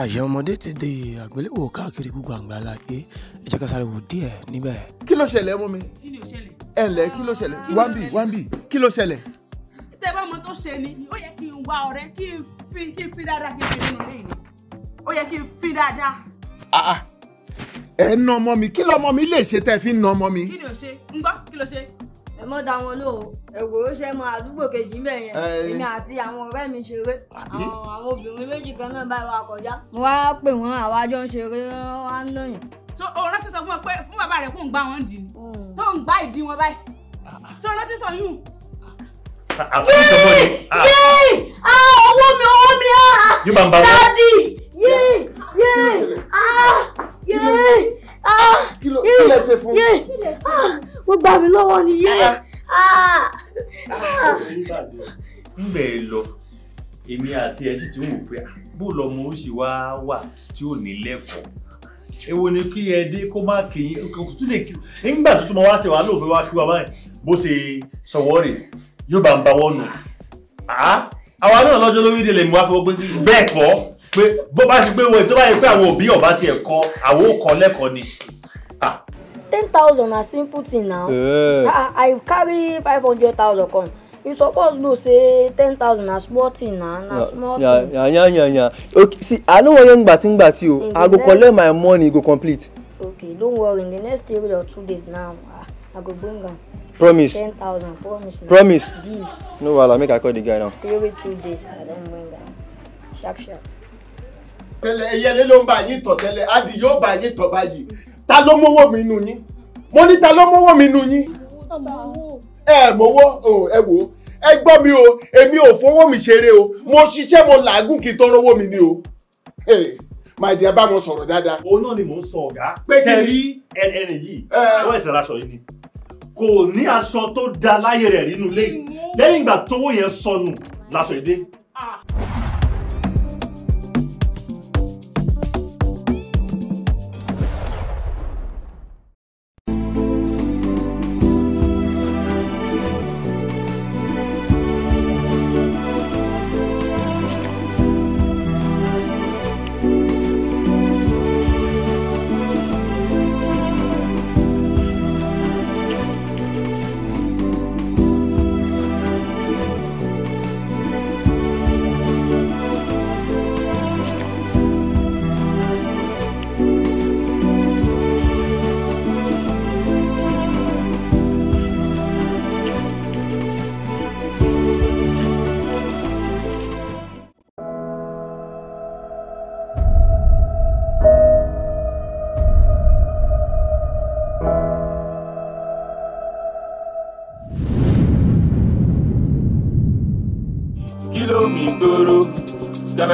àyà ọmọdé ti di àgbéléwò káàkiri gbogbo àgbáńlá ayé ẹ jẹ́ ká sáré wò díẹ̀ níbẹ̀. kí ló ṣẹlẹ̀ ọmọ mi ẹ ǹlẹ́ kí ló ṣẹlẹ̀ wámbì wámbì kí ló ṣẹlẹ̀. tẹ bá ọmọ tó ṣe ni ó yẹ kí n wá ọ̀rẹ́ kí n fi kí n fi dáadáa kí n fi nínú ilé yìí ó yẹ kí n fi dáadáa. Ah, ah. ẹ ń na ọmọ mi kí lọmọ mi lè ṣe tẹ fi ń na ọmọ mi. kí ni ò ṣe ń gbọ́ kí ló ṣe ẹ mọ da wọn lóhùn ẹwò ó ṣe mọ àdúgbò kejì ń bẹ yẹn èmi àti àwọn ọ̀rẹ́ mi ṣeré àwọn obìnrin méjì kan náà báyìí wà kọjá. wọn á pè wọn àwa jọ ń ṣeré wọn ń lóyún. so òun rántí sọ fún ọ pé fún bàbá rẹ kó ń gbá wọn dì ní hmm. tó ń gbá ìdí wọn báyìí so rántí sọ yún. Ah, ah, ah. yéé yéé owó mi owó mi dádì yéé yéé yéé kí ló ṣe fún un wọ́n gbà mí lọ́wọ́ nìyẹn. ńgbẹ̀ ah. ah. ah. lọ èmi àti ẹ̀ sì ti ń wò pé bó lọmọ ó sì wá wà tí ò ní lẹ́kọ̀ọ́ èwo ni kí ẹ dé kó má kéyìn kò tún lè kí nígbà tó tún máa wá tẹ̀wá lóòfin wá kí wa báyìí bó ṣe sọ̀wọ́ rè yóò bá ń ba wọ́n nù àwa náà lọ́jọ́ lórí ilé lè mú wá fún gbé bẹ́ẹ̀ kọ́ pé bó bá ṣe gbé wọ́n tó bá yẹ pé àwọn òbí ọ̀bá tiẹ̀ kọ́ àwọn ò kọ́ lẹ́kọ̀ọ́ ni ten thousand na simple thing now eh. ah, ah, i carry five hundred thousand come you suppose know say ten thousand na small thing na na small thing. yeah, yeah, yeah, yeah. okay see i know what you're yan gbatigbati o i go collect my money go complete. okay don't worry in the next three or two days now ah, i go bring them. promise ten thousand promise na promise deal. no wahala make i call the guy now. three or two days i don bring them. sharp sharp. Tell ẹyẹlé ló ń bá yín tọ̀ tẹ́lẹ̀ adi yóò bá yín tọ̀ báyìí ta ló mówó mi nù yín mo ní ta ló mówó mi nù yín ẹ mówó ẹ wò ó ẹ gbọ́ mi o èmi ò fowó mi ṣeré o mo ṣiṣẹ́ mo làágùn kí n tó rówó mi ni o máa di abáwọn sọ̀rọ̀ dáadáa. òun náà ni mò ń sọ ọ̀gá pé kí rí ẹni yìí wọ́n ẹ̀sẹ̀ aṣọ yìí ni kò ní aṣọ tó da láyé rẹ̀ nínú lẹ́yìn lẹ́yìn ìgbà tówó yẹn sọnù lásọ ìdí.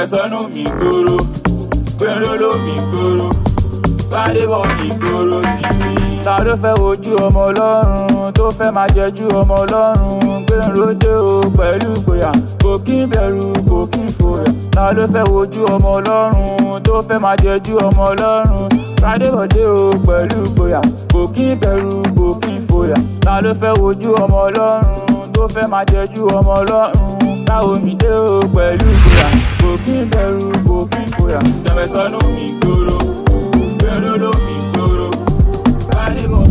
ẹ̀sánú mi kóró pẹ́ńlóló mi kóró bádébọ̀ mi kóró títí. ta ló fẹ́ wojú ọmọ ọlọ́run tó fẹ́ máa jẹjú ọmọ ọlọ́run gbẹ̀rúndé o pẹ̀lú ìgboyà kò kí n bẹ̀rù kò kí n fòyà ta ló fẹ́ wojú ọmọ ọlọ́run tó fẹ́ máa jẹjú ọmọ ọlọ́run Gbádébọ̀dé o pẹ̀lú ìgboyà kò kí n bẹ̀rù kò kí n fòyà ta ló fẹ́ wojú ọmọ ọlọ́run tó fẹ́ máa jẹjú ọmọ ọlọ́run táwomi dé o pẹ̀lú ìgboyà kò kí n bẹ̀rù kò kí n fòyà mi gbòòrò gbẹ̀rọ̀dọ̀ mi gbòòrò kálíbọ̀.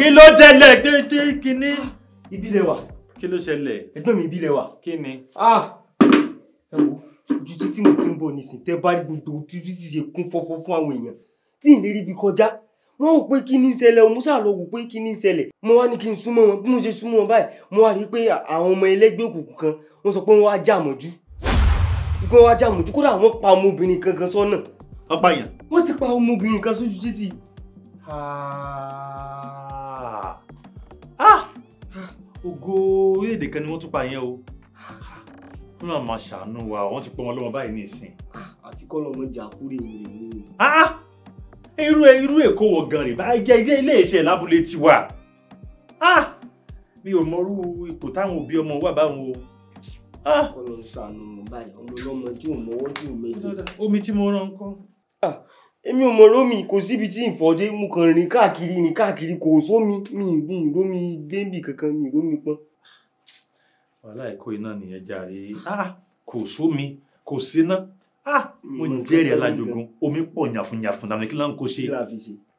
kí ló tẹ̀lé kí ni ibi lẹ wà. kí ló ṣẹlẹ̀. ẹgbẹ́ mi ibi lẹ wà. kí ni. ah ẹ wo ojú títí mo ti ń bọ̀ nísìn tẹ́ bá rí gbogbo ojú títí ṣe kún fọ́fọ́ fún àwọn èèyàn tí ìlérí bí kọjá wọn ò pé kí ní ṣẹlẹ̀ òun ṣáà lọ wò pé kí ní ṣẹlẹ̀ mo wá ní kí n súnmọ́ wọn bí mo ṣe súnmọ́ wọn báyìí mo wá rí i pé àwọn ọmọ ẹlẹ́gbẹ́ òkùnkùn kan wọ́n sọ pé wọ́n wá já àmọ́jú wọ́n wá já àmọ́jú kódà wọ́n pa ọmọbìnrin kankan sọ́nà. ọ̀pá yẹn. wọ́n ti pa ọmọbìnrin kan sójú títì. ògo orílẹ̀-èdè kan ni wọ́n tún pa yẹn o kó náà máa ṣàánú wa wọ́n ti pọ́n wọn lọ́wọ́ báyìí ní ìsìn. Ah, àti kọ́ lọ́mọ jà kúrè wèrè ní. Ah, ah! irú irú èkó wọ gan rè báyìí jẹ́ ilé ilé iṣẹ́ lábúlé tiwa mi ò mọrú ipò táwọn òbí ọmọ wà báwọn o. Ọlọ́run ṣàánú mọ báyìí ọmọ ọlọ́mọ tí ò mọwọ́ tí ò mẹsẹ. omi tí mo rán kọ. èmi ò mọ rómi kò síbi tí ìfọdé mo kàn rìn káàkiri rìn káàkiri kò sómi mi ì aláìkó iná nìyẹn jàre ah, kò sómi kò síná ah, mm, mo jẹ́rìí alájogun omi pọ̀ yàfùnyàfùn làwọn kí láǹkó ṣe.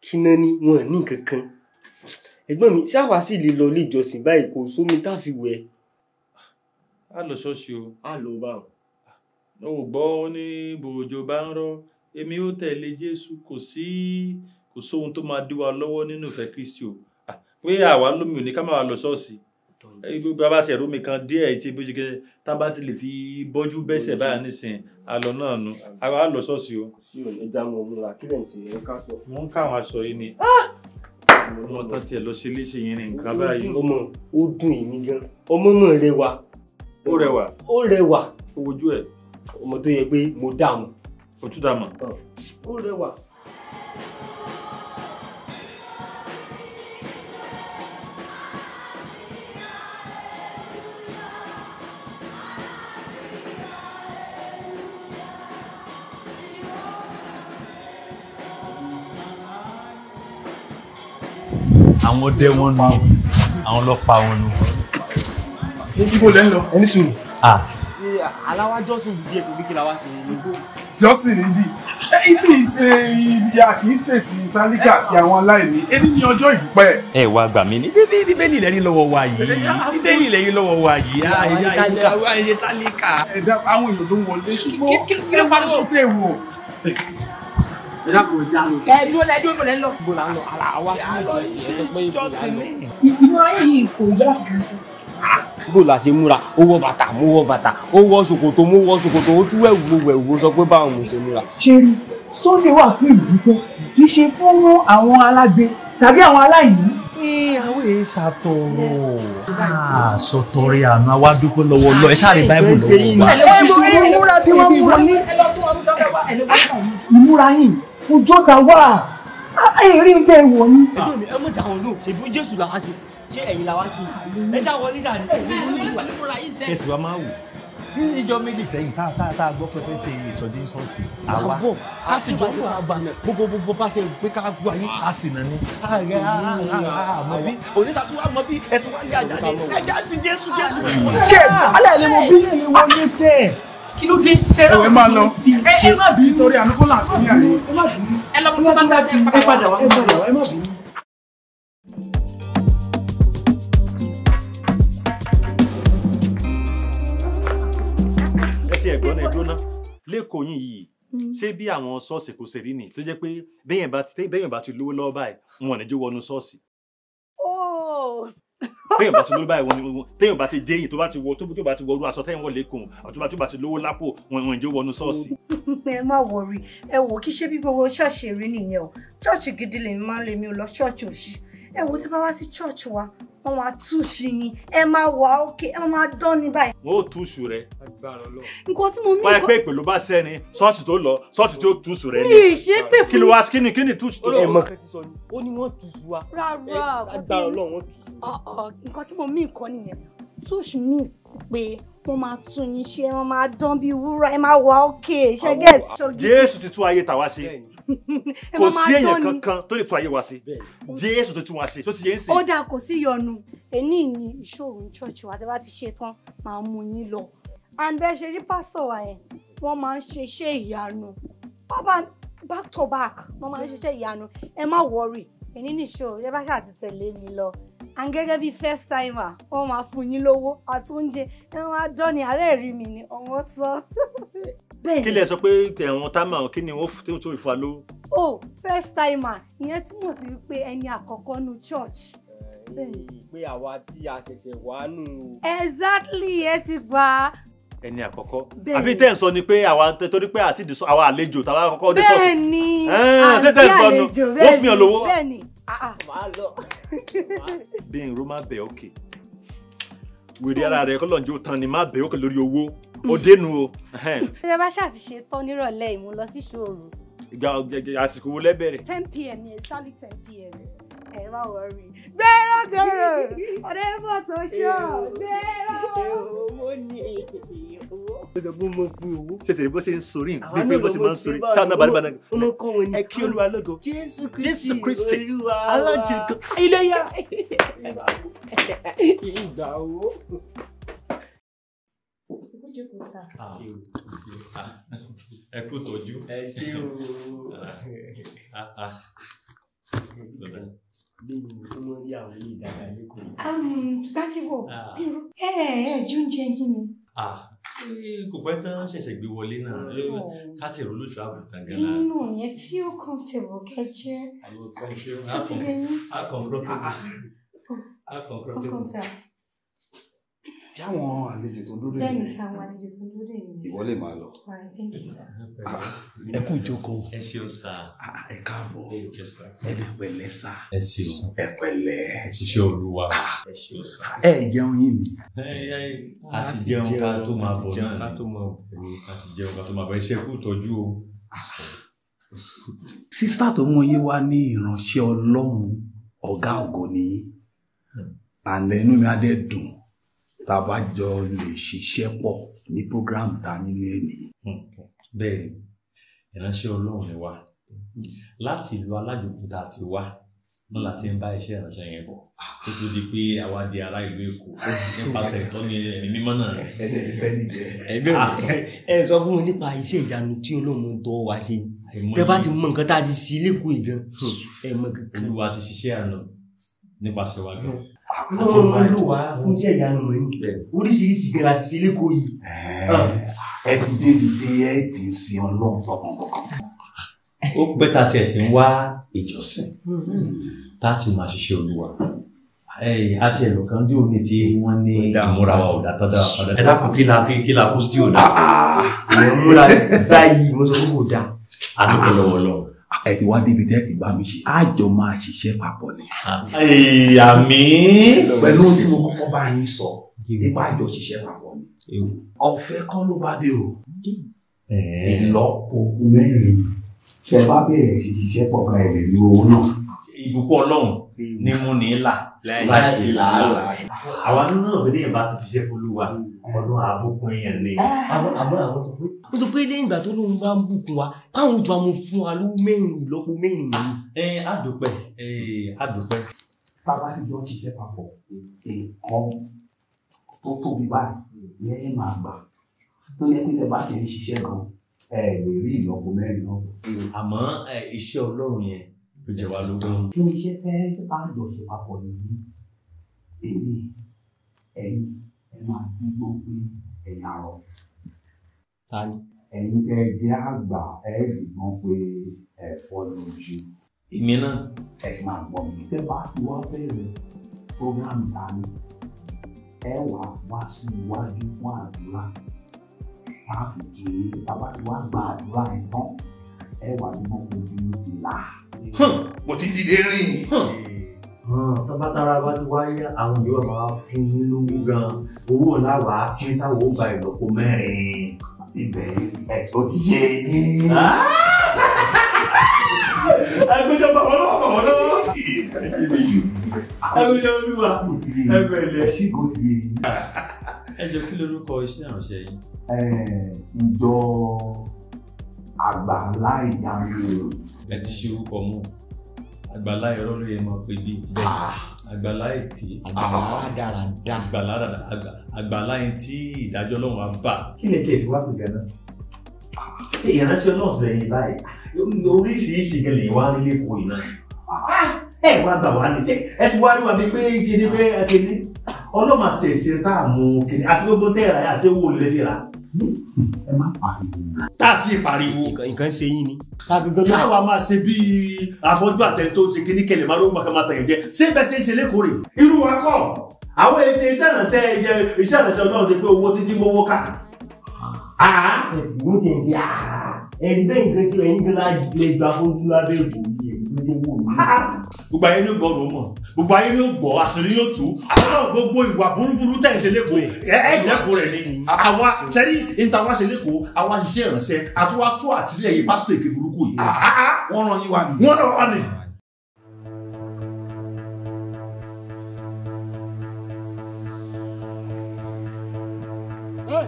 kí náà ni wọn ò ní nǹkan kan mi ṣáwa sì lè lọ ilé ìjọsìn báyìí kò sómi tá a fi wẹ̀. a lọ ṣọ́ọ̀ṣì o. a lọ bá o. o gbọ́ ó ní bòjò bá ń rọ èmi ó tẹ̀lé jésù kò sí kò sóhun tó máa dí lọ́wọ́ nínú ìfẹ́ kristi o ah, pé àwa lómi ò ní ká máa lọ ṣọ́ọ̀ṣì gbogbo abá ti ẹ̀rú mi kan díẹ̀ tí bó ṣe kẹ́ tá a bá ti lè fi bọ́jú bẹ́sẹ̀ báyà nísìn àlọ́ náà nu àwa á lọ o. sí o ẹja wọn múra kí lẹ́yìn tí ẹ ká sọ. wọ́n ń ká àwọn aṣọ yìí ni ah! ọmọ tán tiẹ̀ lọ sí iléeṣẹ́ yẹn ní nǹkan báyìí. ọmọ ó dùn èmi gan ọmọ náà rẹwà. ó rẹwà. ó rẹwà. ó ẹ. ọmọ tó yẹ pé mo dààmú. òtún dààmú. ó rẹwà. àwọn ọdẹ wọn nu àwọn lọ fa wọn nu. ibo lẹ́ ń lọ ẹni sùúrù. aláwa jọ́sìn ìdí ètò bí kí la wá ṣe é nígbó. jọ́sìn níbi ibi ìṣe ibi àkíyèsí tálíkà àti àwọn aláìní ebi ní ọjọ́ ìdúpẹ́. ẹ wá gbà mí ní ṣé bí bíbélì lẹ́yìn lọ́wọ́ wa yìí bíbélì lẹ́yìn lọ́wọ́ wa yìí àìyá tálíkà. àwọn èèyàn ló ń wọlé ṣùgbọ́n kí ló fà ẹ dákun ẹ dáhùn. ẹ dúró lẹ dúró lẹ ń lọ. ibo la ń lọ ara àwa sí ìjọ ìṣẹ̀lẹ̀ pé ibo la ń lọ. ìdúró ayé yìí kò yá bó la ṣe múra ó wọ bàtà mo wọ bàtà ó wọ ṣòkòtò mo wọ ṣòkòtò ó túwẹ̀ wo wẹ̀ wo sọ pé báwọn mo ṣe múra. ṣé Sunday wà fún ìlú pé kì í ṣe fún àwọn alágbe tàbí àwọn aláìní. ní àwọn èyí ṣàtọrọ ah, sọtọrẹ àná àwa dúpẹ́ lọ́wọ́ lọ ẹ sáré báíbù lọ́wọ́ wa. ẹ mú ìmúra tí wọ́n múra. ìmúra yìí ojú ọ̀tá wà ẹ̀rí ń tẹ̀ wọ̀ ni. ẹ mọ̀ dáhùn náà ṣèbí jésù làwa ṣe ṣé ẹ̀yin làwa ṣe ẹ já wọlé dàdí. ẹsì wa máa wù níjọ méjì sẹ́yìn tá a tá a gbọ́ pé ṣe ìsọjí ṣọ́ọ̀ṣì àwa a sì jọ fún àbá gbogbo gbogbo bá ṣe pé ká gbọ́ ayé a sì nà ní. ààrẹ mọ bí ẹ tí wàá yé àjà ni ẹja sí jésù jésù. ṣé alẹ́ ni mo bí. alẹ́ ni sẹ́ẹ̀ kí ló dé. ẹwẹ máa lọ ṣe bí torí ànúkó là ń fi ní àyè. ẹ lọ bí wọn bá ń tẹ ẹ padà wá. ẹ má bínú. ẹ ti ẹ̀gbọ́n náà dúró ná lẹ́kọ̀ọ́ yín yìí ṣé bí àwọn ṣọ́ọ̀ṣì kò ṣe rí ni tó jẹ́ pé bẹ́yìn bá ti lówó lọ́wọ́ báyìí wọn ò ní jó wọnú ṣọ́ọ̀ṣì. Oh, téèyàn bá ti lórí báyìí wọn ni téèyàn bá ti dé yìí tó bá ti wọ tó bá ti wọrú aṣọ téèyàn wọ lẹkùn àti tó bá ti lówó lápò wọn ìwọn ìjẹ wọnú ṣọ́ọ̀ṣì. ẹ má wọrí ẹ wò kí ṣe bí gbogbo ṣọ́ọ̀ṣì rí nìyẹn o ṣọ́ọ̀ṣì gidi lèmi máa ń lèmi ò lọ ṣọ́ọ̀ṣì òṣì ẹ wò tí bá wá sí ṣọ́ọ̀ṣì wa wọ́n máa túṣu yín ẹ máa wà òkè ẹ máa dán ní báyìí. wọn ò túṣu rẹ. nǹkan tí mo ní. báyìí pé ìpè ló bá sẹ́ni ṣọ́ọ̀ṣì tó lọ ṣọ́ọ̀ṣì tó túṣu rẹ ni. mi ì ṣe pè fún mi. kí ló wá kí ni kí ni túṣu tó lọ. ọlọ́run kan ni ó ní wọ́n túṣu wa. rárá agbára ah, ah, nǹkan tí mo mí nǹkan nìyẹn tush means pé wọ́n máa tún yín ṣe wọ́n máa dán bí wúrà ẹ máa wà ókè ṣe get jésù ti tún ayé tàwa ṣe kò sí èèyàn kankan tó lè tún ayé wa ṣe jésù ti tún wa ṣe tó ti yé ń ṣe. ó dáa kò sí yọnu èní ni ìṣòro church wa tí wọ́n ti ṣe tán máa mú yín lọ and bẹ́ẹ̀ ṣe rí pásítọ̀ wa yẹn wọ́n máa ń ṣe iṣẹ́ ìyanu back to back wọ́n máa ń ṣe ìyanu ẹ má worry èyí nìṣó yẹ bá ṣáà ti tẹ̀lé mi lọ à ń gẹ́gẹ́ bíi first timer wọ́n máa fún yín lówó àti oúnjẹ ẹ wọ́n á dán ní àárẹ̀ rí mi ni ọ̀wọ́n tán. kí lẹ sọ pé tẹ̀wọ̀n táìmà kí ni wọ́n tí wọ́n fa ló. o first timer ìyẹn túmọ̀ sí wípé ẹni àkọ́kọ́ nu church pé àwa tí a ṣẹ̀ṣẹ̀ wá exactly ẹ ti gbà ẹni àkọ́kọ́ àbí tẹ́ ń sọ ni pé àwa torí pé àti ìdìsọ àwa àlejò tàbá àkọ́kọ́ ọdẹ sọ bẹ́ẹ̀ni àbí àlejò bẹ́ẹ̀ni bẹ́ẹ̀ni ah, ah. máa lọ. bí irun máa bẹ̀ òkè wèrè ara rẹ̀ kọ́lọ̀ njó tán ni máa bẹ̀ òkè lórí owó òdenu o. ṣé bá ṣáà ti ṣe tán nírọ̀lẹ́ ìmúlọsíṣòro. ìgbà àsìkò wo lẹ́bẹ̀rẹ̀. ten pm ni exactly ten pm ẹ má wọrí gbẹ́rọ gbẹ́rọ ọ̀dẹ́ bọ̀ tó ṣọ́ gbẹ́rọ. owó ni owó. ó sọ pé mo fi owó. ṣètò bó ṣe ń sori bí pé bó ṣe máa ń sori táwọn abàdé bàdé. olùkọ́wé ni ẹ kí olúwa lógo. jésù kristi olúwa wa alájẹkọ iléyà. ìgbà owó. Ẹ kú tọ́jú. Ẹ ṣé o. Ah, ah, ah lẹ́yìn tó mọ rí àwọn ilé ìdára lẹkọọ. gbàgbọ́ irú ẹ ẹ jóúnjẹ yín ni. kò pẹ́ tán ṣẹ̀ṣẹ̀ gbé wọlé náà oh. káàtì ìrọ̀ olóṣù àbùtàn gan-an. nínú yẹn feel comfortable kẹjẹ. àwọn kan ṣe akọ̀ǹkọ̀tẹ̀bù. akọ̀ǹkọ̀tẹ̀bù ṣé àwọn àlejò tó dúró dè ìwọ lè máa lọ. ẹ kú jókòó. ẹ ṣeun sá. ẹ káàbọ̀ olúwa. ẹ jẹun yín ni. a ti jẹun ká tó máa bọ̀ náà a ti jẹun ká tó máa bọ̀ ẹ kú tọ́jú o. sísá tó mú yé wa ní ìránṣẹ́ ọlọ́run ọ̀gá ògo nìyí. Hmm. àlẹ́ inú mi á dẹ́ dùn tá lè ṣiṣẹ́ pọ̀ ní program ta nínú èmi. Hmm. bẹ́ẹ̀ ìránṣẹ́ ọlọ́run ni wá láti ìlú alájòkúta ti wá náà láti ń bá iṣẹ́ ìránṣẹ́ yẹn bọ̀ tó tó di pé àwa di ará ìlú èkó nípasẹ̀ ìtọ́ni ẹ̀mí mímọ́ náà rẹ̀. Ah, ẹ sọ fún mi nípa iṣẹ́ ìyanu tí olóhùn tọ́ wa ṣe ni tẹ bá ti mọ nǹkan tá a ti ṣe lẹ́kọ̀ọ́ ìgan hmm. ẹ mọ kankan. olúwa ti ṣiṣẹ́ àná nípasẹ̀ wa gan-an. Hmm wọ́n ti máa lò wá fún iṣẹ́ ìyanu rẹ̀ ní oríṣiríṣi gan láti ṣe lẹ́kọ̀ọ́ yìí. Ah. ẹ ti débi pé ẹ ti sin ọlọ́run tọkàntọkàn. ó pẹ́ ta tiẹ̀ ti ń wá ìjọsìn láti máa ṣiṣẹ́ olúwa àti ẹ̀rọ kan dí omi tí wọ́n ní ìmúra wa ọ̀dà tó dára padà ẹ dákun kí la kí la kó sí ọ̀dà. Ah, ah, ìmúra báyìí mo sọ fún kò dáa. a dúpẹ́ lọ́wọ́ lọ́wọ́ ẹ ti wá débi tẹ́ ti bá mi ṣe àjọ máa ṣiṣẹ́ papọ̀ ni. àmì. pẹ̀lú bí mo kọ́kọ́ bá yín sọ nípa àjọ ṣiṣẹ́ papọ̀ ni. ọ̀fẹ́ kọ́ ló bá dé o. ìlọ́po mẹ́rin tẹ bá bẹ̀rẹ̀ ṣiṣẹ́ pọ̀ ká ẹ̀ lè lo owó náà. ìbùkún ọlọ́run ní mú ní là láìsí làálàá. àwa nínú náà bẹ́ẹ̀ bá ti ṣiṣẹ́ fọlúwa ọdún àbùkù yẹn ni. ó sọ pé lẹ́yìn ìgbà tó lóun bá ń bùkún wa káwọn ojú àwọn fún wa ló mẹ́rin ìlọ́po mẹ́rin nìyí. ẹ àdùpẹ́ ẹ àdùpẹ́. bàbá ti jọ ṣiṣẹ́ papọ̀ nǹkan tó tóbi báyìí lẹ́yìn máa gbà tó yẹ pé tẹ ti ń ṣiṣẹ́ gan ẹ lè rí ìlọ́po mẹ́rin náà. àmọ́ iṣẹ́ ọlọ́run yẹn ló jẹ wá lógún. ló ń ṣe fẹ́ àjọṣe papọ̀ nìyí èmi ẹ̀yin ẹ máa dúró pé ẹ̀yà rọ. ta ni. ẹ̀yin tẹ́ ẹ jẹ́ àgbà ẹ lè mọ̀ pé ẹ fọ́ lójú. èmi náà. ẹ máa gbọ́ mi. tẹ́ bá ti wá bẹ̀rẹ̀ programu ta ni ẹ wà wá sí iwájú fún àdúrà máa fi jèrè bàbá tí wàá ẹ wà ní gbogbo ojú ti là. Hmm, mo ti dìde rìn. Hmm. Hmm, tọ́bátara bá ti wáyé àwọn yóò máa fún yín lówó gan owó làwà pín táwọn ó gba ìlọ́po mẹ́rin. ibẹ̀ ẹ̀ tó ti yé yín. agbẹjọba ọlọ́wọ́ ọ̀hún lọ́wọ́. agbẹjọba olúwa ẹgbẹ̀rẹ̀ ẹ̀ sì kò ti yé yín. ẹ jọ kí lorúkọ iṣẹ́ ìrànṣẹ́ yìí. ẹ ǹjọ́ àgbàlá ìyanu. ẹ ti ṣe orúkọ mọ àgbàlá irọ́ ló yẹ máa pè bí àgbàlá èké ah. àgbàlá dáradá àgbàlá dáradá àgbàlá yẹn tí ìdájọ́ Ọlọ́run á bà. kí ni tiẹ̀ fi wá pè gan-an ṣé ìránṣẹ́ náà sẹ́yìn báyìí oríṣiríṣi gẹ̀lẹ́ wá nílé kò iná ah, ẹ wá gbà wá ní ṣe ẹ ti wá rí wa bíi pé gidi pé ẹ kéde ọlọ́mọ àti tá a mú kéde àti gbogbo tẹ́ ẹ̀ rà ṣé wò lè fi rà ẹ má pariwo. tá a ti pariwo. nǹkan ṣe yín ni. tàbíbẹ́ náà wàá máa ṣe bíi àfọ́jú àtẹ̀tò ṣe kíní kẹlẹ̀ máa ló ń gbàgbà tẹ̀yẹ̀ jẹ ṣé bẹ́ẹ̀ ṣe ń ṣe lẹ́kọ̀ọ́ rẹ̀. irú wa kọ́ àwọn èsì iṣẹ́ ìrànṣẹ́ ẹ̀yẹ iṣẹ́ ìrànṣẹ́ ọlọ́run ti pé owó títí mowó ká. ẹ̀sìn ló ṣe ń ṣe ẹ̀rí bẹ́ẹ̀ nǹkan ṣe ẹ̀yìn gan-an lè gba fojú lábẹ́ ìbò yìí ṣe wò mí. gbogbo ayé ló gbọ́ ló mọ̀ gbogbo ayé ló gbọ́ àṣírí yóò tú ọlọ́run gbogbo ìwà burúburú tẹ̀ ń ṣe lẹ́kọ̀ọ́ ẹ̀ dẹ́kun rẹ̀ ni àwa sẹ́rí ìtawá ṣe lẹ́kọ̀ọ́ àwa ṣiṣẹ́ ìrànṣẹ́ àtiwá tú àṣírí ẹ̀yìn pásítọ̀ èké burúkú yìí. Ah, ah, ah, wọ́n rán yín wá mi. wọ́n rán wá mi.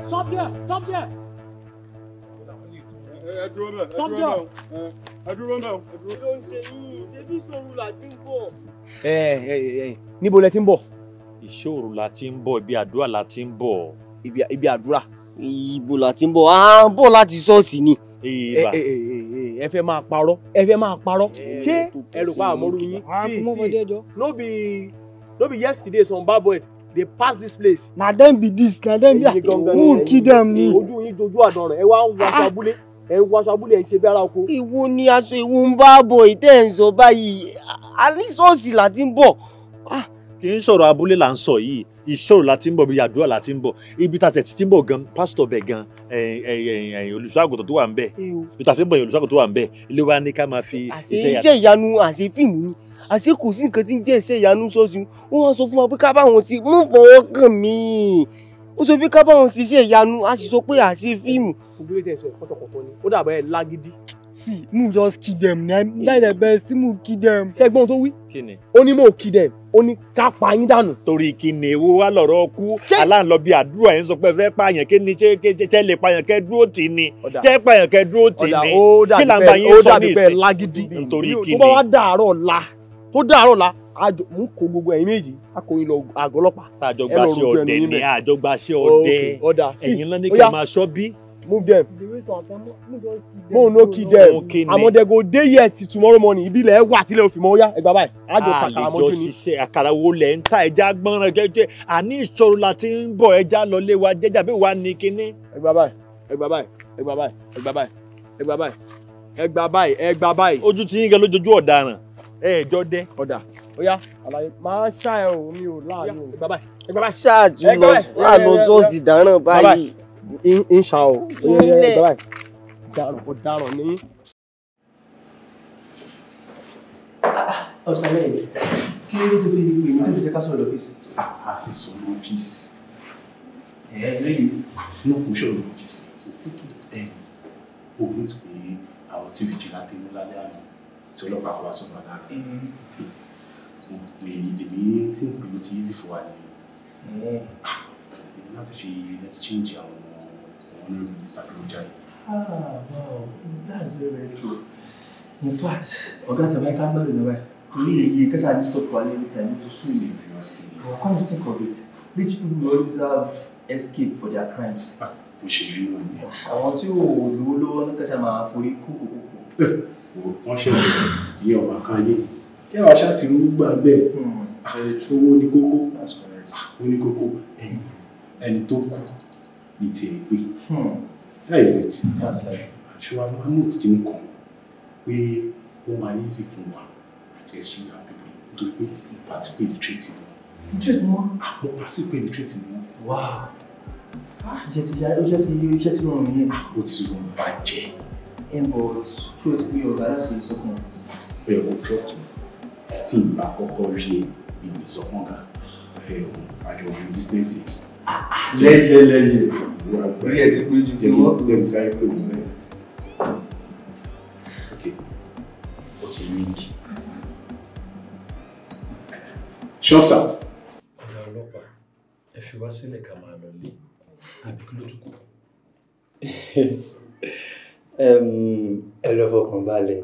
Stop there! Stop there! Stop there! ẹdúró mẹ́ o. èdè ló ń ṣe yìí ṣé bí ìṣòro la ti ń bọ̀. ẹ ẹ ẹ níbo lẹ ti ń bọ̀. ìṣòro la ti ń bọ̀ ibi àdúrà la ti ń bọ̀. ibi àdúrà. ibo la ti ń bọ̀ à ń bọ̀ láti ṣọ́ọ̀ṣì ni. ẹ fẹ́ máa parọ́ ẹ fẹ́ máa parọ́ ṣé ẹ rò pa àmọ́rú yín. no be no be yesterday some bad boy dey pass this place. na dem be dis na dem be who kill dem ni. ojú yín dojú àdán rẹ ẹ wá ń wá sí abúlé ẹ ń wọ aṣọ abúlé ẹ ń ṣe bí ara oko. ìwo ni aṣọ ìwo ń bá bọ ìtẹ́ ń sọ báyìí alísọ́ọ̀sì là ti ń bọ̀. Ah! kì í sọ̀rọ̀ abúlé là ń sọ yìí ìṣòro la ti ń bọ̀ bí àdúrà la ń bọ̀ ibi tá a ń bọ̀ gan pásítọ̀ bẹ̀ gan olùṣọ́àgùtàn tó wà ń bẹ̀ ibi tá a ti ń bọ̀ olùṣọ́àgùtàn tó wà ń bẹ̀ ilé wa ní ká máa fi iṣẹ́ ìyanu àṣẹ fíìmù ni àṣẹ kò sí nǹkan tí ń jẹ́ iṣẹ́ ìyanu ṣọ́ọ̀ṣì wọ́n wá sọ fún wa pé ká báwọn ti mú fọwọ́ kàn mí ó sọ bí kábàáhùn ti ṣe ìyanu a sì sọ pé àṣì fíìmù. ògbéré tẹ̀ sọ kọ́tọ̀kọ́tọ̀ ni ó dàbẹ̀ lágídí. see mu just kill them na that the best mu kill them. ṣẹ́gbọ́n tó wí. kí ni. ó ní mo kill them ó ní ká pa yín dànù. torí kíni ewo wa lọ̀rọ̀ kú aláǹlọ́bí àdúrà yẹn sọ pé fẹ́ pààyàn kí ni tẹ́ lè pààyàn kẹ́ dúró tì ní tẹ́ pààyàn kẹ́ dúró tì ní kí làǹbà yín sọ ní ìsìn nítorí kíni. tó bá wá dàárọ̀ la tó dàárọ̀ la àjọ mú kó gbogbo ẹ̀yin méjì akọyin lọ àgọ́ ọlọ́pàá. sàjọgbàṣe ọdẹ ni àjọgbàṣe ọdẹ ẹ̀yin lọ ní kí ẹ máa ṣọ́ bí. move them mo no kill them àmọ́ go dey here till tomorrow morning ibi ilẹ̀ wà tílẹ̀ òfin mọ́ ó yá ẹgbà báyìí àjọ kàkàrà mọ́jú ni. àlejò ṣiṣẹ́ àkàrà lẹ̀ ń ta ẹja gbọ́nràn jẹ́jẹ́ àní ìṣòro láti ń bọ̀ ẹja lọlé wa jẹ́jà bí wà ní kinní. ẹgbà báyìí ẹgbà báyìí ẹgbà báyìí ẹgbà báyìí ẹgbà báyìí ẹgbà báyìí ẹgbà báyìí. ojú ti yín gan lójoojú ọ̀daràn ẹ̀ẹ́dọ́dẹ́. ọ̀dà ó yá àlàyé máa ṣáà ẹ o mi ò láàánú ìgbà báyìí ìgbà báyìí. ṣáàjú lọ láàánú sọ́ọ̀sì dáràn báyìí. ń ṣá o ìgbà báyìí dáràn kò dáràn ní. ọ̀sán lẹ́yìn kí ló ti fi ìwé mi tó fi jẹ́ ká sọ̀rọ̀ lọ́fíìsì. àfẹsọ̀ lọ́fíìsì ẹ̀ lẹ́yìn náà kò sọ̀rọ̀ lọ́fíìsì òun ti pè é àwọn tí fìjìlá tẹ́lú lálẹ́ àná tí ọlọ́pàá wá sọ̀rọ̀ lára èmi tí n ti easy for wa ni ah, èmi láti fi let's change àwọn ọmọ lórí Mr. Dorojaye. ah wow that's very very true in fact ọ̀gá tẹ̀ báyìí ká mẹ́rin lọ́wọ́ ẹ̀ torí èyí kẹ́sà ní stop wa lẹ́yìn time to sue me but come to think of it rich people always have escape for their crimes. òṣèré ló ní. àwọn tí ò lówó lọ́wọ́ ní kẹ́sà máa forí kókòkókò. wọ́n ṣẹ̀lẹ̀ yí ọ̀bà kan yìí yàrá aṣá ti rú gbàgbé hmm, ah, eh, owó ní kókó ah, owó ní kókó ẹni tó kú ní tiẹ̀ pé hmm. that is it ṣùgbọ́n a note kí ni kan pé ó máa easy fún wa àti ẹ̀ṣin àbíbí nítorí pé mo participate treat wọn. treat wọn. mo participate treat wọn. wow ah, jẹ́ ti ya ó jẹ́ ti yí iṣẹ́ tí wọ́n rìn yẹn. ó ti rùn bàjẹ́. ẹ̀ ń bọ̀ ṣó o ti pé ọ̀gá láti sọ fún ọ. bẹ́ẹ̀ o trust me tí n bá kọ́kọ́ rí ẹ mi ò lè sọ fún ọ̀gá o àjọ òun bísínẹ́sì. lẹ́yẹ lẹ́yẹ orí ẹ ti pé ju kí wọ́n. jẹ́ kí sáré pè mí lẹ́yìn. ok ó ti rí kí. ṣọ́ọ̀ṣà. ọ̀gá ọlọ́pàá ẹ fi wá sílẹ̀ ká máa lọ lé àbí kí ló tún kù. ẹ lọ fọkàn balẹ̀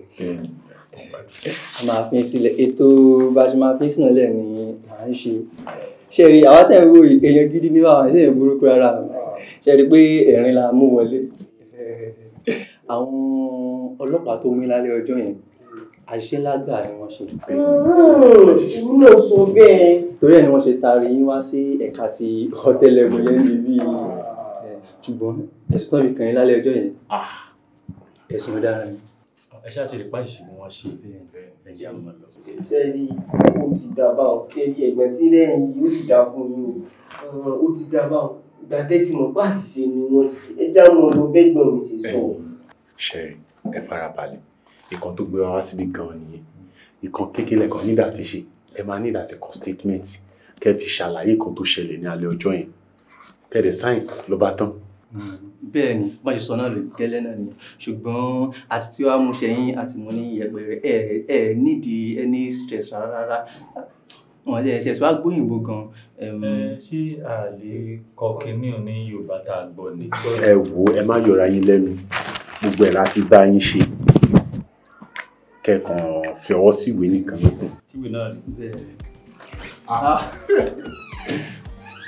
a máa fi sílẹ̀ ètò bá a ṣe máa ni màá ń ṣe ṣe rí àwa tẹ̀ ń wo èèyàn gidi ní àwọn ẹ̀sìn ìburúkú rárá ṣe rí pé ẹ̀rín la mú wọlé àwọn ọlọ́pàá tó mú lálẹ́ ọjọ́ yẹn àṣelágbà ni wọ́n ṣe. ìwúlò hmm, sọ bẹ́ẹ̀. torí ẹ̀ ni wọ́n ṣe taari yín wá sí ẹ̀ka ti ọ̀tẹlẹ̀múyẹ́ níbí ah. ṣùgbọ́n ẹ̀sùn tó fi kàn yín lálẹ́ ọjọ́ yẹn ah. ẹ̀sùn ọ̀daràn ni ẹ ṣáà ti rí páṣíṣì ni wọ́n ṣe ẹ jẹ́ àwọn lọ. ṣe rí o ti dà báwọn kẹrí ẹ̀gbọ́n tí rẹ́rìn yìí ó sì dá fún yín o ó ti dà báwọn ìgbà tẹ́tí mọ̀ páṣíṣì ni wọ́n ṣe ẹ já wọn lọ bẹ́gbọ̀n mi ṣe sọ. ṣẹ́rí ẹ farabalẹ̀ ìkan tó gbé wá síbi gan-an nìyẹn ìkan kékeré kan nígbà tí ṣe ẹ máa nígbà tí kọ statement kẹ́ fi ṣàlàyé kan tó ṣẹlẹ̀ ní alẹ́ ọjọ́ yẹn kẹ́ẹ̀dẹ̀ bẹ́ẹ̀ ni bá ṣe sọ náà lè gẹ́lẹ́ náà ni ṣùgbọ́n àti tí wàá mú ṣẹyìn àti mo ní yẹpẹrẹ ẹ ẹ nídìí ẹni stress rárá wọn lè ṣẹṣọ agbóyìnbó gan. ṣé a lè kọ kínní ní yorùbá tá a gbọ́ ni. ẹ wo ẹ má yọra yín lẹ́nu gbogbo ẹ̀ láti bá yín ṣe kẹkàn fi síwèé nìkan lókun. síwèé náà rí bẹ́ẹ̀.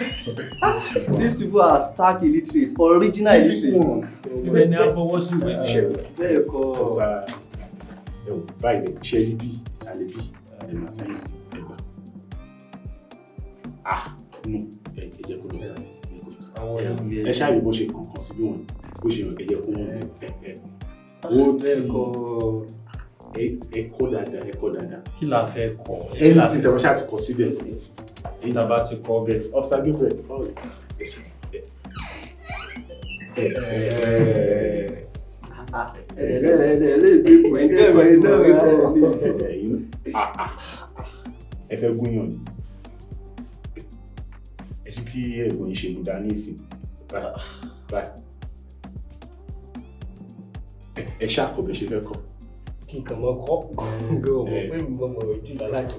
These people are stark illiterates, original illiterate. Ibẹ̀ ni a fọwọ́ sí ìwé ah, Bẹ́ẹ̀ kọ́. Ọ̀sà ẹ̀wò báyìí lè ṣe rí bí ìsàlẹ̀ bí ẹ̀mà sáyẹ́nsì ẹ̀gbà. À ah, nù ẹ̀ jẹ́ kó lọ sàlẹ̀. Ẹ ṣáà bó ṣe kọ̀ọ̀kan sí bí wọ́n bó ṣe rìn ẹ̀jẹ̀ fún wọn. Ó ti ẹ̀kọ́ dáadáa ẹ̀kọ́ dáadáa. Kí la fẹ́ kọ̀? Ẹni tí tẹ̀wọ́ ṣáà ti kọ síbẹ̀ èyí tá a bá ti kọ ọbẹ̀ ọ̀sán gbígbẹ. ẹ fẹ́ gúnyàn ni ẹ ti kí ẹ̀gbọ́n ìṣèlú dání ìsìn báyìí ẹ ṣáà kọ bẹ ṣe fẹ́ kọ kí nǹkan mọ kọ́ nǹkan ò mọ̀ pé mo mọ̀ ojú lálàjò.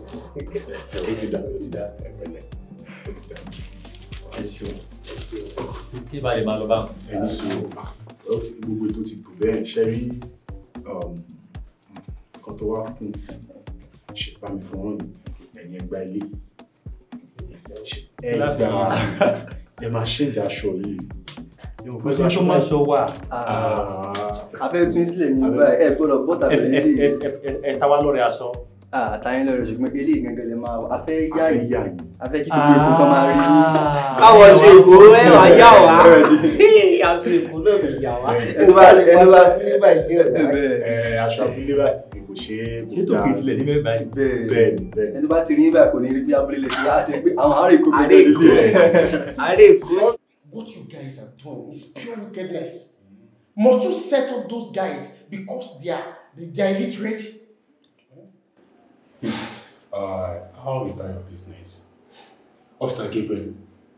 ó ti dà ó ti dà ẹ̀pẹ̀lẹ́ ó ti dà ẹ ṣeun ẹ ṣeun. kí bá lè máa lọ bá wọn. ẹni sùúrù gbogbo ètò ti tò bẹ́ẹ̀ ṣe rí um, nǹkan tó wá kún ṣe fún wọn ẹ̀yìn ẹgbà ilé ẹ gbà ẹ máa ṣèjà aṣọ yìí kò sí tó máa sọ wà. Ah. Ah. abẹ́ tún sílẹ̀ ní báyìí ẹ gbọ́dọ̀ bọ́tà pẹ̀lú ilé. ẹ táwa lọ́rẹ̀ aṣọ. àtàyìn ah, lọ́rẹ̀ ṣùgbọ́n ilé ìgangan lè máa a fẹ́ yá yìí a fẹ́ kí gbogbo èkó kan máa rí. káwọ sí èkó ẹ wà yá wa aṣọ èkó náà mi yà wá. ẹnu bá ẹnu bá fílẹ̀ báyìí kí ọ̀dà. ẹ aṣọ abúlé báyìí ṣe é kò dáa ṣé tòkè tilẹ̀ níbẹ̀ báyìí. bẹ́ẹ̀ bẹ́ẹ̀ ẹnu bá ti rí báyìí kò ní rí bí abúlé lè ṣe láti pé àwọn ará èkó mi lè rí. ará èkó what you guys are doing is pure wickedness. Mm-hmm. Must you set up those guys because they are they are illiterate? uh, how is that your business? Officer Gabriel,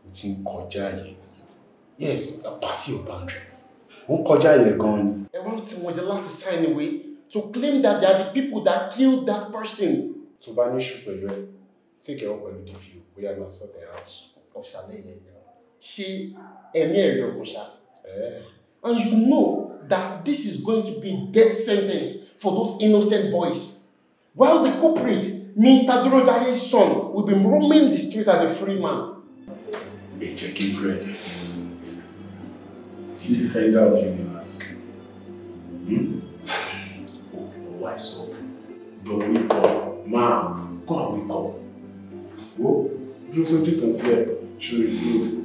Utin Kojaye. Yes, pass your boundary. Who Kojaye gone? I want someone to sign away to claim that they are the people that killed that person. To bá ní take care of pẹ̀lú DPO, bóyá máa sort it out. Officer Leye ṣe ẹ̀mí ẹ̀rí ọkùn and you know that this is going to be death sentence for those innocent boys while the culprit Mr. Dorojaye's son will be roaming the street as a free man. mi checking, kí fred the defender of the universe open your eyes up Don't wake up man God wake up wo dúró sójú kan Should we do?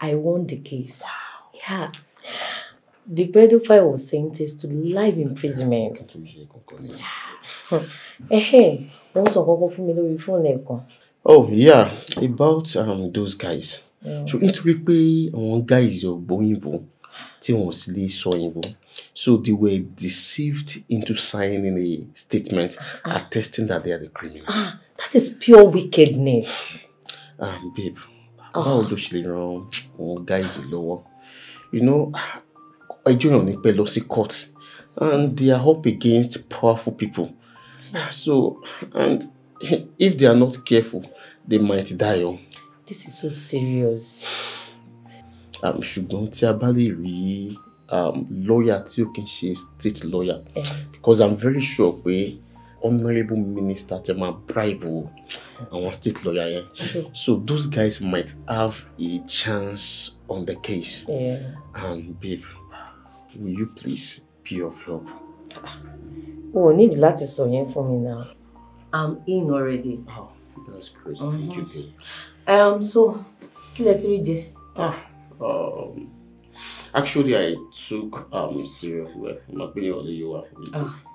I won the case. Wow. Yeah. The pedophile was sentenced to life imprisonment. wọ́n sọ kọ́kọ́ fún mi lórí fóònù ẹ̀kan. oh yeah about um, those guys. Yeah. Mm. so nítorí pé àwọn guys ògbóyìnbó tí wọn sì lè sọ òyìnbó so they were deceived into signing a statement ah. attesting that they are the criminal. ah that is pure wickedness. Um, babe báwo ló ṣe lè ran òun guys lọ́wọ́ you know ẹjọ́ yàn ní pẹ́ lọ sí court and they are up against powerful people so and if they are not careful they might die o. this is so serious. Um, ṣùgbọ́n tí a bá lè rí um, lọ́ọ̀yà tí ó kì í ṣe state lawyer eh. because i'm very sure pé. Okay, honorable minister to my i and one state lawyer. Yeah? Sure. So those guys might have a chance on the case. Yeah. And babe, will you please be of help? Ah, oh, need láti sọ yeah for me now. I'm in already. Oh, that's great. Mm -hmm. Thank you, uh-huh. babe. Um, so, let's read it. Ah, um, actually, I took um cereal. Well, not being all you are. Ah.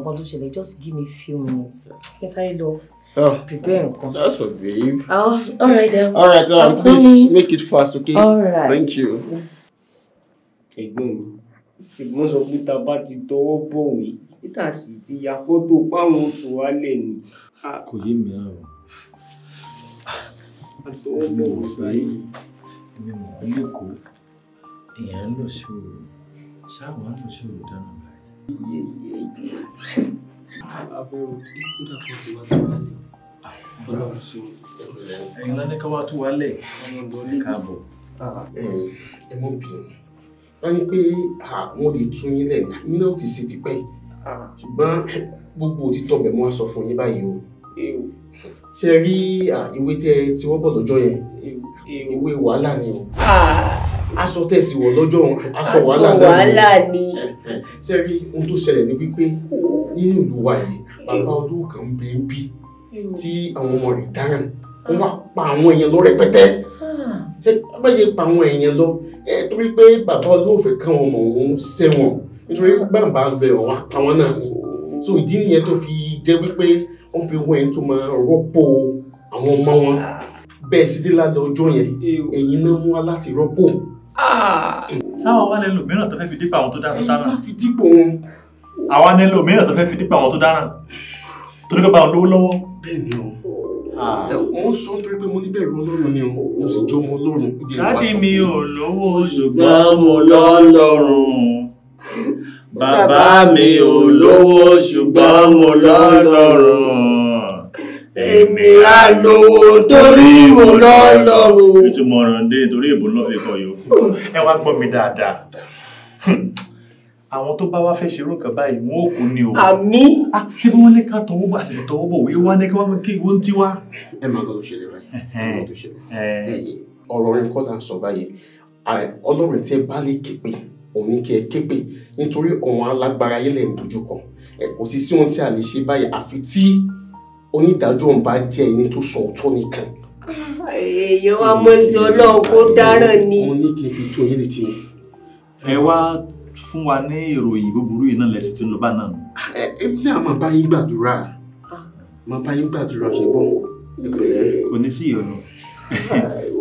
mọ nǹkan just give me a few minutes. Yes, I lọ. Oh, prepare nǹkan. That's for babe. Oh, all right then. All right, um, I'm please coming. make it fast, okay? All right. Thank you. Ẹ̀gbọ́n mi, ẹ̀gbọ́n sọ pé ta bá ti tọwọ́ bọ̀wé, títà sì ti ya fọ́tò páwọn oṣù to lẹ̀ ni. Kò yé mi àrùn. Àtọwọ́ bọ̀wé báyìí. Èmi mọ̀ ọ́ lẹ́kọ̀ọ́, èèyàn ń lọ sí òru, ṣáà wà ń abẹ́rò ó dà fún tiwa tó wá lẹ̀ ọlọ́run sí ẹ̀yin lálẹ́ ká wá tó wá lẹ̀ ọmọ ìdọ́lé káàbọ̀. ẹ mọ bìnrin wọ́n ní pé àwọn lè tún yín lẹ̀ ní náà ti ṣe tipẹ́ ṣùgbọ́n gbogbo òtítọ́ bẹ̀ mọ́ aṣọ fún yín báyìí o ṣe rí ìwé tẹ tí wọ́n bọ̀ lọ́jọ́ yẹn ìwé wàhálà ni o aṣọ tẹ̀sí wọ̀ lọ́jọ́ aṣọ wàhálà ni. ṣé rí ohun tó ṣẹlẹ̀ ni wípé nínú ìlú wa yìí bàbá olówó kan bẹ ń bí tí àwọn ọmọ rẹ̀ dáràn wọ́n wá pa àwọn èèyàn lọ rẹpẹtẹ ah. ṣé bá ṣe pa àwọn èèyàn lọ ẹ torí pé bàbá olówó fẹ́ kàn wọn mọ̀ òun sẹ́wọ̀n nítorí gbàǹbà rẹ̀ wọ́n wá pa wọn náà so ìdí nìyẹn tó fi jẹ́ wípé wọ́n fi wọ́n ẹni tó máa rọ́pò àwọn ọmọ wọn bẹ́ẹ̀ sí dé lálẹ́ ọjọ́ yẹn èyí náà mú wa láti rọ́pò sáwọn ah! wá lẹ́lò mìíràn tó fẹ́ fi dípò àwọn tó dára tó dára. wọ́n fi dípò wọn. àwa lẹ́lò mìíràn tó fẹ́ fi dípò àwọn tó dára torí pé bá wọn lówó lọ́wọ́. bẹ́ẹ̀ o ah. wọ́n sọ nítorí pé mo níbẹ̀rù ọlọ́run ni mo sì jọ ọmọ ọlọ́run. dádì mi ò lówó ṣùgbọ́n mo lọ́lọ́run. bàbá mi ò lówó ṣùgbọ́n mo lọ́lọ́run. èmi á lówó torí mo lọ́lọ́run. ìtumọ̀ ọ̀rọ̀ dé torí ìbò lọ́ọ̀ẹ́kọ̀ yìí ẹ wá gbọ́ mi dáadáa àwọn tó bá wá fẹ́ ṣerú nǹkan báyìí wọn ò kú ni o. àmì. Ah, ṣé bí wọ́n ní ká tọwọ́ bá àṣìṣe tọwọ́ bọ̀ wí wọ́n ní kí wọ́n kí wọ́n ti wá. ẹ máa gbọ́dọ̀ ṣe lè rẹ̀ ẹ máa tó ṣe lè ọ̀rọ̀ rẹ̀ kọ́ là ń sọ báyìí ọlọ́run tí ẹ bá lè képe òní kí ẹ képe nítorí ọ̀hún alágbára yẹn lè ń dojú kọ ẹ kò sí sí ohun tí a lè ṣe báyìí àfi tí onídàájọ́ ń bá jẹ́ ẹni tó sọ ọ̀tọ̀ nìkan èèyàn wa mọ sí ọlọ́run kó dáràn ni. mo ní kí n fi tó yín létí ni. ẹ wá fún wa ní ìròyìn búburú yìí náà lẹ́sìn tí ń lọ bá náà nù. èmi máa bá yín gbàdúrà máa bá yín gbàdúrà ṣùgbọ́n kò ní sí ìyọnu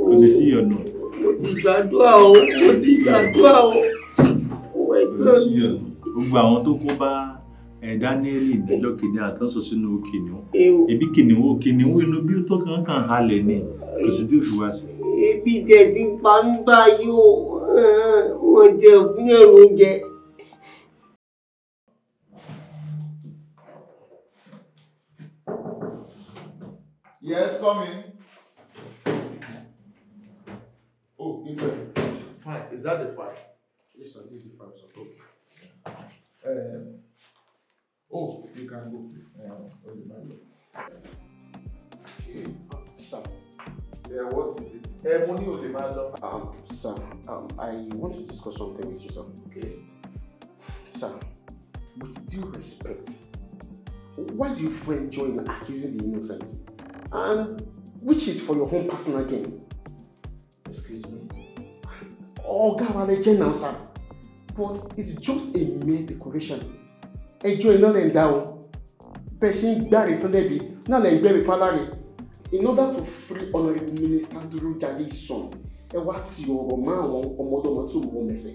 kò ní sí ìyọnu. mo ti gbàdúrà o mo ti gbàdúrà o ẹgbẹ́ mi. gbogbo àwọn tó kó bá. Dáníẹ́lì ìdájọ́ kìnìún àtọ́sọ sínú kìnìún ebi kìnìún o kìnìún inú bí ó tó kàn kàn halẹ̀ ni kò sì tí ò fi wá sí. ebi tẹ ti pa ń bá yóò wọn jẹ fún ẹrù oúnjẹ. Yes, come in. Oh, Fine. Is that the file? Yes, sir. This is the file, sir. Okay. Um, Oh, you can go uh, Okay, um, sir. Yeah, what is it? Eh, money on the manual. Um, sir, um, I want to discuss something with you, sir. Okay. Sir, with due respect, why do you find joy in accusing the innocent? And which is for your own personal gain? Excuse me? Oh, I Gavalejé now, sir. But it's just a mere decoration. ẹjọ́ iná lẹ̀ ń dá o bẹ́ ṣe ń gbàre fẹ́lẹ́bí náà lẹ̀ ń gbẹ̀rẹ̀ fáláre in order to free honourable minister Dúró Jayé's son ẹ wá ti ọ̀rọ̀ mọ́ àwọn ọmọdọ́mọ tó mọ mẹsẹ̀.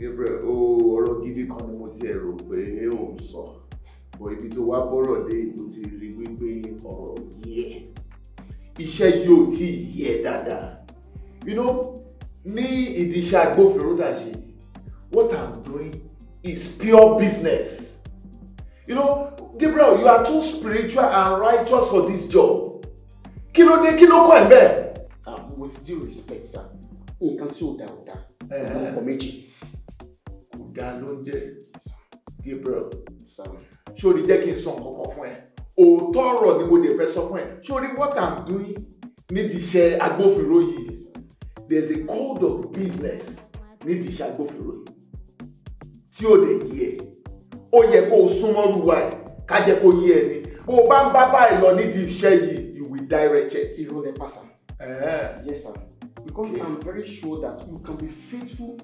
Gabriel o ọ̀rọ̀ gidi kan ni mo ti ẹ̀ rò pé òun sọ bọ̀ ibi tó wá bọ́rọ̀ dé ìlú ti rí wípé ọ̀rọ̀ yẹ iṣẹ́ yóò tí yẹ dáadáa you know ní ìdíṣẹ́ agbófinró tà ṣe yìí what I'm doing is pure business. You know, Gabriel, you are too spiritual and righteous for this job. Kilo de, kilo kí ló kọ́ ẹ̀ bẹ́ẹ̀. Um, with due respect, sir, nǹkan tí ò dá ò dá, ọkọ̀ méjì. Kò dá Gabriel. Ṣé o lè jẹ́ kí n sọ nǹkan kan fún ẹ? Òótọ́ ọ̀rọ̀ ni mo lè fẹ́ sọ fún ẹ. Ṣé o rí what I'm doing nídìí iṣẹ́ agbófinró yìí? There's a code of business nídìí iṣẹ́ agbófinró yìí tí ò lè yí ẹ ó yẹ kó o súnmọ́ ruwa ẹ ká jẹ́ kó yí ẹ ni bó o bá ń bá báyìí lọ nídìí iṣẹ́ yìí you will die wretched. irú rẹ pàṣà. yes sir because okay. i'm very sure that you can be faithful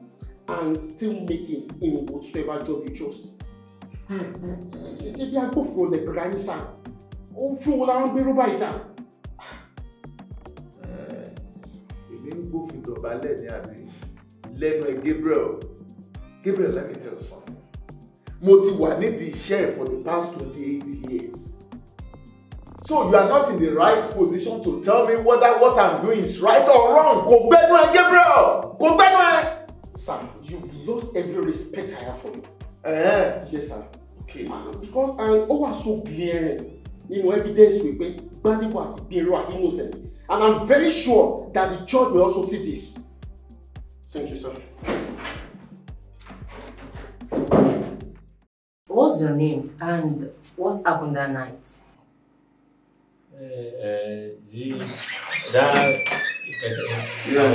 and still make it in whatever job you chose. ṣe bí agbófinró lè bẹ̀rẹ̀ ayé sá ó fún wọn láwọn gbèrú báyìí sá. èmi ń gbófin dọ̀bálẹ̀ ní àbí lẹ́nu ẹ̀ Gabriel. Gabriel let me tell you something mo ti wà nídìí iṣẹ́ for the past twenty eight years so you are not in the right position to tell me whether what I'm doing is right or wrong kò gbẹ́nu ẹ Gabriel kò gbẹ́nu ẹ. Sam You've lost every respect I have for you. uh yes sir okay. because and ó wà so clear You know, evidence wípé Gbádébọ̀ àti the are innocent and I'm very sure that the church will also see this. thank you sir. What's your name and what happened that night? Uh, um, yeah, yeah,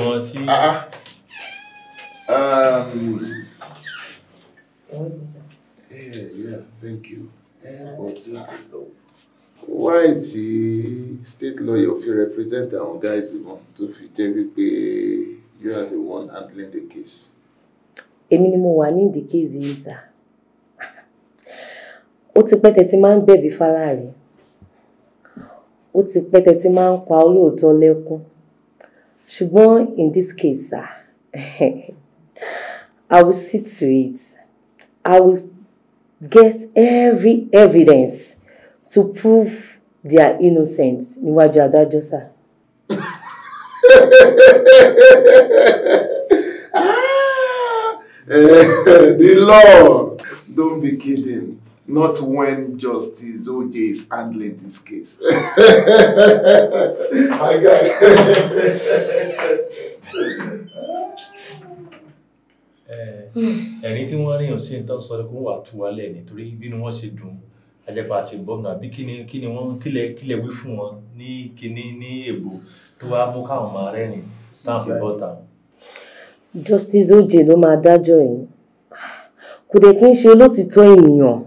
thank you. but uh, why the state lawyer fi represent àwọn guys mọ́ to fi jẹ́ wípé you are the one handling the case. Èmi ni mo wà ní the case yìí sir ó ti pẹ́ tẹ́ ti máa ń bẹ̀bí fáláre ó ti pẹ́ tẹ́ máa ń pa olóòótọ́ lẹ́kún ṣùgbọ́n in this case sir I will see to it I will get every evidence to prove their innocence níwájú adájọ́ sir. Ah! Eh, the Lord don't be kidding not when Justice OJ is handling this case. I got ẹ̀rín tí wọ́n ríyàn sí ìtàn sọ́dọ̀ kó wà tú wálẹ̀ nítorí bínú wọ́n ṣe dùn ajẹ́pà àti bọ́ọ̀nù àbí kíni kíni wọ́n kílẹ̀ kílẹ̀ wí fún wọn ní kíní ní èbò tó wá mú káwọn máa rẹ́rìn sáà fi bọ́ta. Justice OJ ló máa dájọ́ yìí kò dẹ̀ kí ń ṣe olótìtọ́ ènìyàn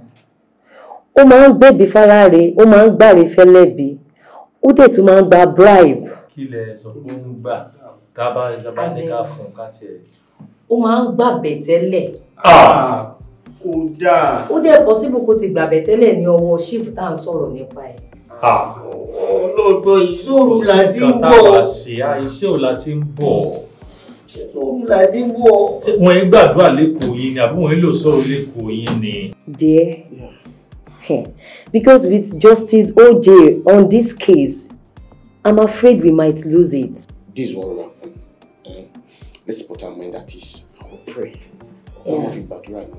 ó máa ń gbèbí fáráre ó máa ń gbàre fẹ́lẹ́bí ó dẹ̀ tún máa ń gba bribe. kí lẹ sọ pé ó ń gbà tá a bá jábá ní ká fún ká tiẹ̀. ó máa ń gbà bẹ̀tẹ́lẹ̀. Ah! kò dáa. ó dẹ̀ possible kó ti gbà bẹ̀tẹ́lẹ̀ ní ọwọ́ chief tá à ń sọ̀rọ̀ nípa ẹ̀. Ah! ọlọ́dọ̀ ìṣòro ah, la ti ń bọ̀. iṣẹ́ ò la ti ń bọ̀. ìṣòro wọ́n ń gbàdúrà lẹ́kọ̀ọ́ yín ni àbí wọ́n ń lò sọ̀rọ̀ lẹ́kọ̀ọ́ yín ni. díẹ̀ because with Justice OJ on this case, I'm afraid we might lose it. This won't happen. Um, let's put our mind at ease. I will pray. Yeah. I will be right now.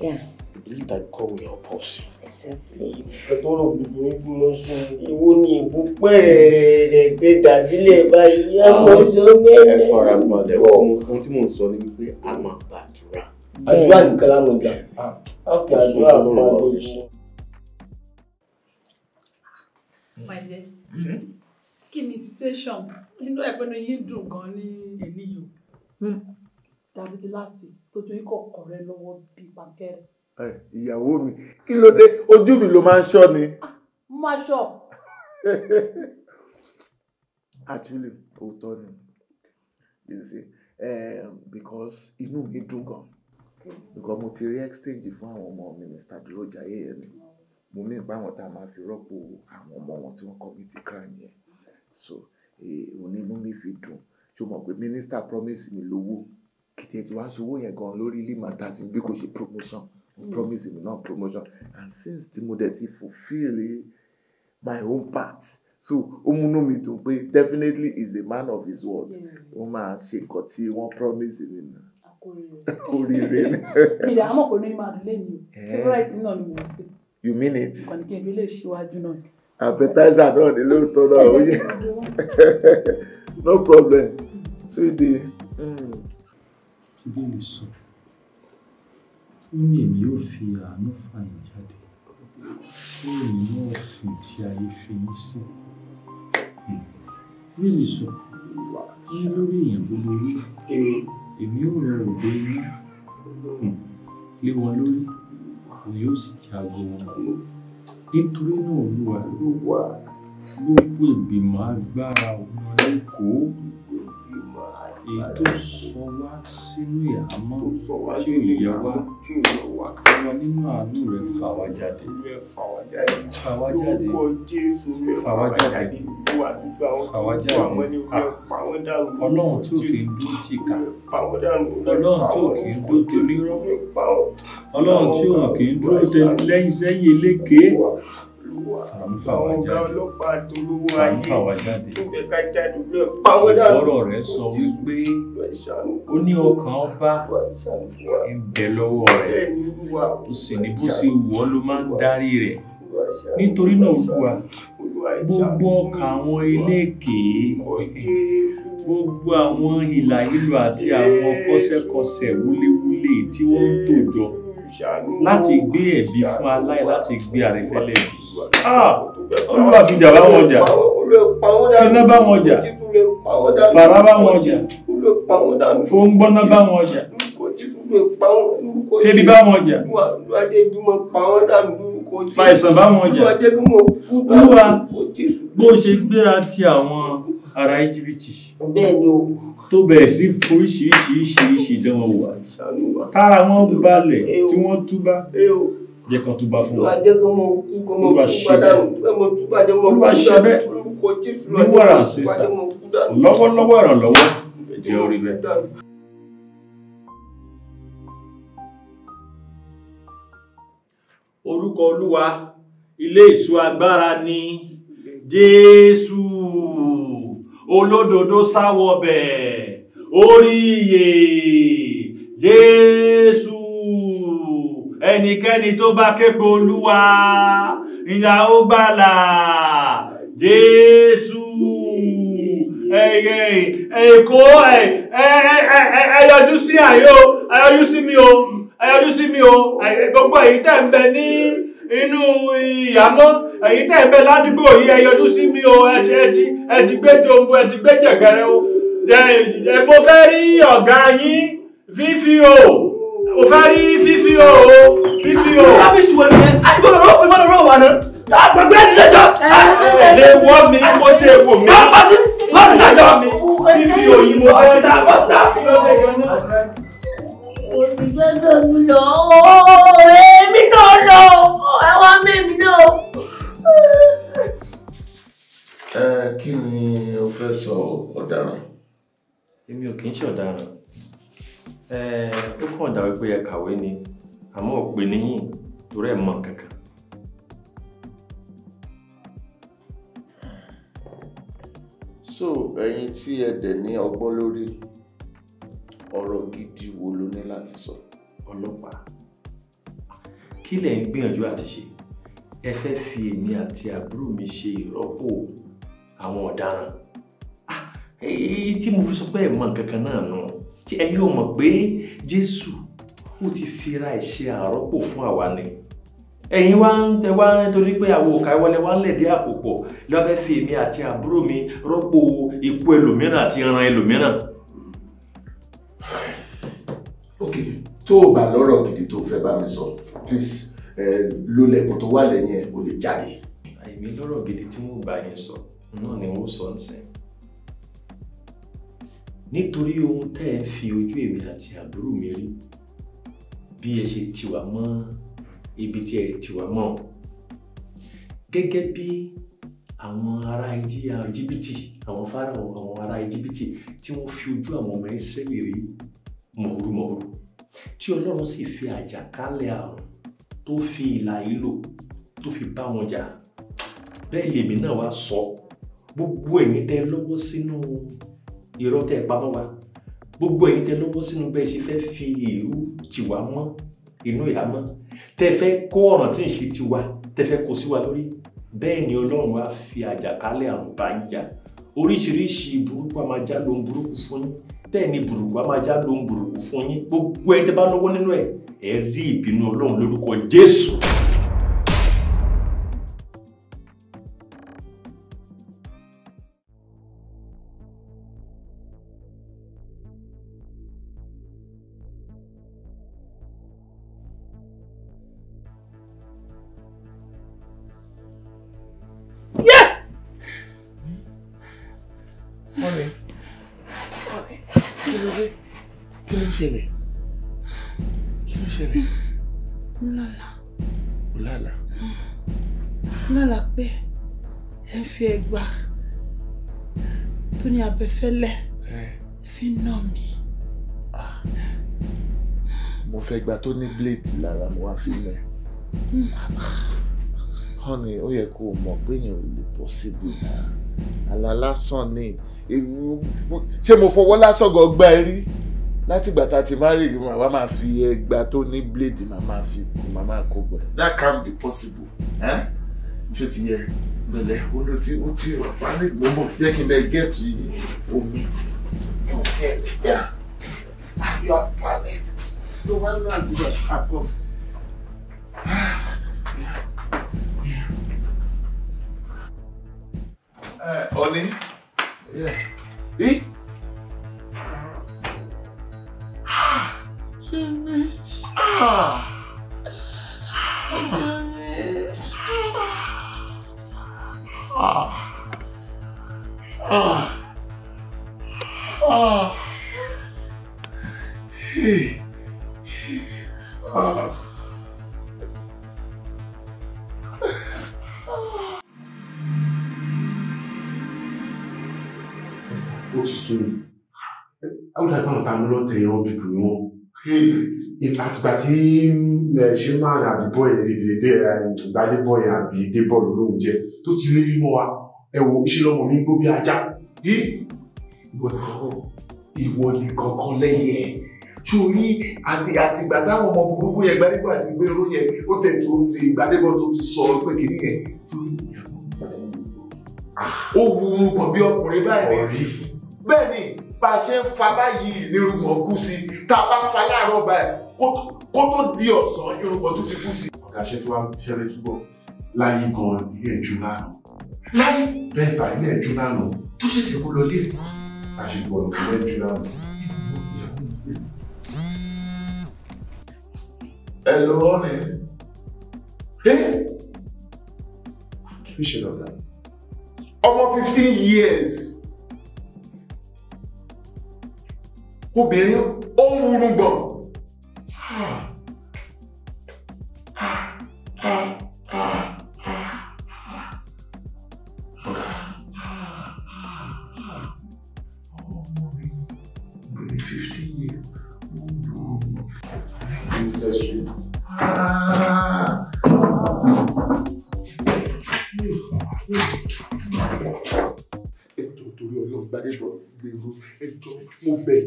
Yeah. I believe that God will help us. Exactly. Ẹ̀tọ́rọ̀ gbogbo igbó lọ sún. Ìwọ ni ìbò pẹ̀rẹ̀ gbé dàsílẹ̀ báyìí. Ọmọ sọ mẹ́rin. Ẹ fara balẹ̀ ohun tí mò ń sọ ni wípé a máa gbàdúrà. Àdúrà nìkan láwọn ìgbà. A fi àdúrà máa bọ̀ ah, jù. Mm. my dear mm-hmm. kí ni situation inú ẹgbẹ́nu yín dùn gan ní èní yìí o dàbí mm. ti last week tó tún ikọ̀ kọ̀rẹ́ lọ́wọ́ bíi pàǹkẹ́rẹ́. ìyàwó mi kí ló dé ojú mi ló máa ń ṣọ́ ni. Ah, má ṣọ. actually òótọ́ ni you see eh, because inú mi dùn gan because mo ti rí exchange fún àwọn ọmọ minister dúró jayé yẹn ni mo mí nípa àwọn tá a máa fi rọ́pò àwọn ọmọ wọn tí wọ́n commit crime yẹn so onínú e, mi fi dùn ṣó mọ̀ pé minister promise mi lówó kìtẹ́ tí wàá ṣòwò yẹn gan lórí ilé màtá sí bí kò ṣe promotion mm. promise mi náà promotion and since tí mo dẹ̀ ti fulfil my own part so ó múnú mi dùn pé definitely is a man of his word ó hmm. máa ṣe nǹkan tí wọ́n promise mi náà oríire ni. ìdààmú kò ní máa dùn lẹ́yìn o favourite náà ni mo ṣe you mean it. kọ́nìkì ìbí lè ṣíwájú appetizer náà ni lóòótọ́ náà ó no problem sweetie. ṣùgbọ́n hmm. mi sọ ó ní èmi yóò fi àánú fàyè jáde ó ní èmi náà fi ti ayé fi mí sí bí hmm. mi sọ yí lórí èèyàn gbogbo rí èmi ò rọrùn dé inú lé wọn lórí kú yóò sì jagun wọn nítorí náà olúwa ló wà gbogbo ìgbìmọ̀ agbára ọmọ lẹ́kọ̀ọ́ èyí tó sọ wá sínú ìhámọ́ tí ò yẹ wá wá wá nínú àánú rẹ̀ fà wá jáde fà wá jáde fà wá jáde fà wá jáde ah. ọlọ́run tí ò kì í dún ti kà ọlọ́run tí ò kì í dún ti nírọ́ ọlọ́run tí ò kì í dúró lẹ́yìn sẹ́yìn eléke olówó àwọn ọ̀gá ọlọ́pàá tolówó ayé tó fẹ́ ká jáde lọ pàwọ́ dànù. ọ̀rọ̀ rẹ̀ sọ wípé ó ní ọkàn ọba ń bẹ lọ́wọ́ rẹ̀ ó sì ní bó ṣe wù ló máa ń darí rẹ̀ nítorí náà olúwa gbogbo ọkàn àwọn eléèkéé gbogbo àwọn ìlà ìlú àti àwọn kọsẹkọsẹ wúléwúlé tí wọ́n ń tòjọ láti gbé ẹ̀bi fún aláì láti gbé àrífẹ́lẹ̀ bí olúwa fìjà bá wọn jà finá bá wọn jà fàrà bá wọn jà fóńgbóná bá wọn jà febi bá wọn jà fàìsàn bá wọn jà olúwa bó ṣe gbéra ti àwọn ará íjíbítì tó bẹ̀rẹ̀ sí oríṣiríṣi ìdánwò tára wọn balẹ̀ tí wọ́n túbá jẹ́ kan tó bá fún wa jẹ́ kan mọ kú orúkọ olúwa ilé ìṣú agbára ni jésù olódodo sáwọ bẹ́ẹ̀ orí iyè jésù ẹnikẹ́ni tó bá képe olúwa ìyá ó gbàlà jésù èkó ẹyọjú sí àyò ẹyọjú sí mi o ẹyọjú sí mi o gbogbo èyí tẹ̀ ń bẹ ní inú ìyàmọ́ èyí tẹ̀ ń bẹ ládùúgbò yìí ẹyọjú sí mi o ẹ ti gbé jòǹbù ẹ ti gbé jẹ̀gẹ̀rẹ̀ o mo fẹ́ rí ọ̀gá yín fífi o fifi o fẹ́ rí fífi o fífi o. rubbish wo ni ìmọ̀lọ́rọ̀ ìmọ̀lọ́rọ̀ wà ná. àgbẹ̀gbẹ̀ ẹ̀ nílẹ̀jọ́. lè wọ́ mi kó ṣe wò mí. pásítì pásítà jọ. fífi o yìí mo fẹ́ dá pásítà. òṣìṣẹ́ mi lọ èmi náà lọ ẹwà mẹ́mi náà. ẹ kí ni o fẹ́ sọ ọ̀daràn. èmi ò kì í ṣe ọ̀daràn ó kàn dà wípé ẹ kàwé ni àmọ́ òpè níyìn torí ẹ̀ mọ̀ kankan. so ẹ̀yin tí ẹ dẹ̀ ní ọgbọ́n lórí ọ̀rọ̀ gidi wo ló ní láti sọ. ọlọ́pàá kí lẹ̀ ń gbìyànjú àti ṣe ẹ fẹ́ fi èmi àti àbúrò mi ṣe ìrọ́pò àwọn ọ̀daràn ah, èyí tí mo fi sọ pé ẹ̀ mọ̀ kankan náà nù. No kí ẹ̀yin ò mọ̀ pé Jésù ó ti fira ìṣe àrọ́pò fún àwa ni ẹ̀yin wá ń tẹ wá nítorí pé àwọn òkà ìwọlé wá ń lẹ̀dí àpòpọ̀ lọ́fẹ́ fi èmi àti àbúrò mi rọ́pò ikú ẹlòmíràn àti ìran ẹlòmíràn. ok tó o bá lọ́rọ̀ gidi tó o fẹ́ bá mi sọ please lólẹ̀kùn tó wà lẹ́yìn ẹ̀ o lè jáde. àìmí lọ́rọ̀ gidi tí wọ́n bá yẹn sọ náà ni wọ́n sọ ń sìn nítorí ohun tẹ́ ẹ fi ojú èmi àti àbúrò mi rí bí ẹ ṣe tiwà mọ́ ibi tí ẹ tiwà mọ́ gẹ́gẹ́ bí àwọn ará íjíbítì àwọn fáráò àwọn ará íjíbítì tí wọ́n fi ojú àwọn ọmọ ìsírẹ́lì rí mọ̀húrúmọ̀húrú tí ọlọ́run sì fi àjàkálẹ̀ àrùn tó fi ìlà ìlò tó fi bá wọn jà bẹ́ẹ̀ lèmi náà wá sọ gbogbo ẹ̀yin tẹ́ lọ́wọ́ sínú irọ́ tẹ́ pamọ́ wa gbogbo èyí tẹ́ lọ́wọ́ sínú bẹ́ẹ̀ ṣe fẹ́ fi ìrú tiwa mọ́ inú ìhámọ́ tẹ́ fẹ́ kó ọ̀ràn tí ń ṣe tiwa tẹ́ fẹ́ kó sí wa lórí bẹ́ẹ̀ ni ọlọ́run á fi àjàkálẹ̀ àrùn bá yín jà oríṣiríṣi burúkú a máa já lóhun burúkú fún yín bẹ́ẹ̀ ni burúkú a máa já lóhun burúkú fún yín gbogbo ẹ̀ tẹ́ bá lọ́wọ́ nínú ẹ̀ ẹ̀ rí ìbínú ọlọ́run lórúkọ jésù. fẹ́lẹ́ ẹ fi nà mí. Ah. mo fẹ́ gba tó ní blade lára mo wá fi lẹ̀ honey ó yẹ kó o mọ̀ pé èèyàn ò lè possible náà àlá lásán ni ṣé mo fọwọ́ lásán gan gbá ẹ rí látìgbà tá a ti máa rí ìgbìmọ̀ àwa máa fi ẹgbà tó ní bíléèdì màá fi kú màá kó gbẹ. that can be possible. ṣé ti yẹ pẹ̀lẹ́ olú tí ó ti rọ panic mo mọ kí n bẹ gẹẹtì omi tó tẹlẹ yá yọ panic tó wà nínú àdúgbò àpò. Ọ̀ní. Bí? Jẹ́mi. Ah. Ah. Ah. Hey. Ah. Ah. ó ti sú mi. Àwọn ìdàgbà ń ta mi lọ́tẹ̀ ìran bíbí ni wọ́n. Hmm. àtìgbà tí eh, ṣe máa eh, eh, ń àbí bọ́ọ̀yì èdè ìgbàlẹ̀ bọ́ọ̀yì àbí èdè bọ́ọ̀lù lóhùn jẹ tó ti lé mímọ́ wa ẹ wo iṣẹ́ lọ́mọ mi gbó bí ajá ìwọ nìkan ìwọ nìkan kan lẹ́yìn ẹ̀ torí àti àtìgbà táwọn ọmọ burúkú yẹn gbadébọ̀ àti ìgbé oró yẹn ó tẹ̀ tó ìgbàdébọ̀ tó ti sọ pé kìíní yẹn torí ìyàwó ah, ó wúru pọ̀ bí ọkùnrin báyìí bẹ́ẹ̀ ni bá a ṣe ń fa báyìí nírúgbọ̀n kú sí tá a bá fa láàárọ̀ báyìí kó tó di ọ̀sán irúgbọ̀n tún ti kú sí. ọ̀gá ṣe tó wá ṣẹlẹ̀ túbọ̀ láyé gan-an ilé ẹ̀jú lánàá láyé bẹ́ẹ̀ sà ilé ẹ̀jú lánàá tó ṣẹ̀ṣẹ̀ kó lọ lé àṣepọ̀ ilé ẹ̀jú lánàá. ẹ lọ ọ́nà ẹ́ kí ló ṣe lọ́dà ọmọ fifteen years. Rubinho ou Urumbão. Ah.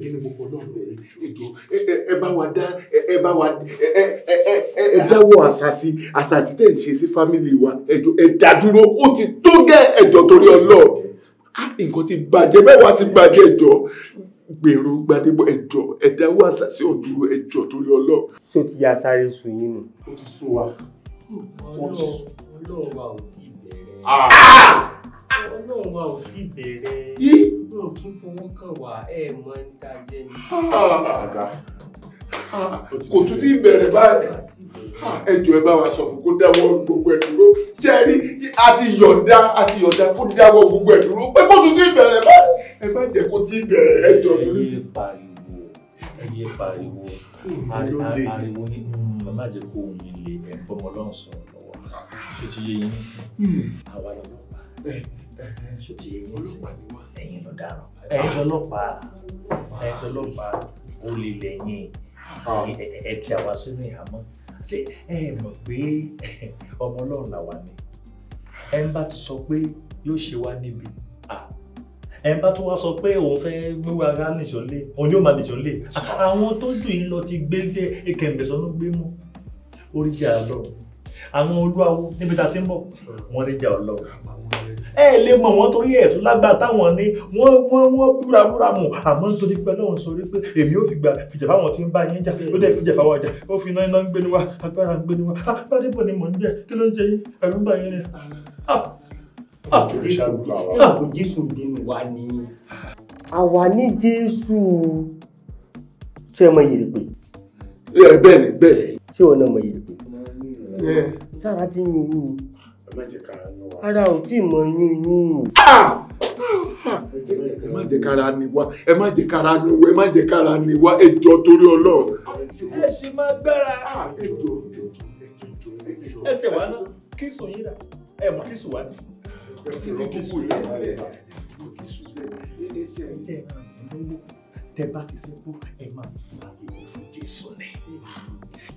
kí ni mo fọ náà ẹ bá wa dá ẹ bá wa ẹ ẹ dáwọ́ àṣàṣì àṣàṣì tẹ̀ ń ṣe sí fámìlì wa ẹjọ ẹ dádúró ó ti tó gẹ́ ẹjọ torí ọlọ nǹkan ti bàjẹ́ mẹ́wàá ti bàjẹ́ ẹjọ gbèrú gbadébọ ẹjọ ẹ àṣàṣì ọdúró ẹjọ torí ọlọ. ṣé ti ya sáré sùn yín nù. ó ti sùn wa. ọlọ́ọ̀ ọlọ́ọ̀ wa ò tí ì bẹ̀rẹ̀. Ah! ọlọ́run wa ò tí bẹ̀rẹ̀ yóò tún fowó kàn wá ẹ̀ mọ́ ń jẹ́ ni. kò tún ti bẹ̀rẹ̀ báyìí ẹjọ́ ẹ bá wa sọ fún kó dáwọ́ gbogbo ẹ̀ dúró ṣe rí àti yọ̀ǹda àti yọ̀ǹda kó dáwọ́ gbogbo ẹ̀ dúró pé kó tún ti bẹ̀rẹ̀ báyìí ẹ má jẹ́ kó ti bẹ̀rẹ̀ ẹjọ́ dúró. ẹyẹ pariwo ẹyẹ pariwo hmm, ariwo ní màmá hmm, jẹ kó omi lè ẹ bọmọ lọhùn lọ́wọ́ ṣé ti yé yín nísìn hmm. àwa lọ́wọ́ pa. Eh ṣó ti yẹ yín sí ẹ̀yin ló dára ẹ̀yin sọ ọlọ́pàá ẹ̀yin sọ ọlọ́pàá ó lè lẹ́yìn ẹ̀ tí àwa sínú ìhámọ́ ṣé ẹ mọ̀ pé ọmọ ọlọ́run làwa ni ẹ ń bá ti sọ pé yóò ṣe wá níbi ẹ bá tún wá sọ pé òun fẹ́ gbéwò ara nìṣọ́ lé òun yóò máa nìṣọ́ lé àwọn tó jù yín lọ ti gbé lé kẹ̀m̀bẹ̀sọ́nú gbé mú oríjà ọlọ́run àwọn olúwawo níbi tá a ti ń bọ̀ wọ́n ríjà ọlọ́run ẹ lè mọ̀ wọ́n torí ẹ̀ tún lágbà táwọn ní wọ́n wọ́n wọ́n búra búra mu àmọ́ nítorí pé Ọlọ́run sọ wípé èmi ò fìgbà fìjà fáwọn tí ń bá yín jà ó dẹ̀ fìjà fáwọn ọjà ó fi iná iná ń gbé ni wá agbára ń gbé ni wá ah, báyìí bọ̀ ni mò ń jẹ kí ló ń jẹ yín ẹ̀rù ń bà yín ni. Ah, ah. Jésù bínú wa ni. àwa ní Jésù ṣé ẹ mọ iye rẹ pé. Eh, bẹ́ẹ̀ ni bẹ́ẹ̀ ṣé ọ náà mọ iye rẹ pé. sára eh. ti ń yin yín ara ò tí mọ yún yín. ẹ má jẹ́ kára ni wá ẹ má jẹ́ kára ni wá ẹ má jẹ́ kára ni wá ẹjọ́ torí Ọlọ́run. ẹ ṣì máa gbára. ẹ tẹ̀ wá náà kí sùn yín rà ẹ mọ̀ kí sùn wá ní. ẹ fi rọ́ọ̀kì sùn yín rà ẹ tẹ bá ti fẹ́ kú ẹ máa fún àyè fún Jésù ní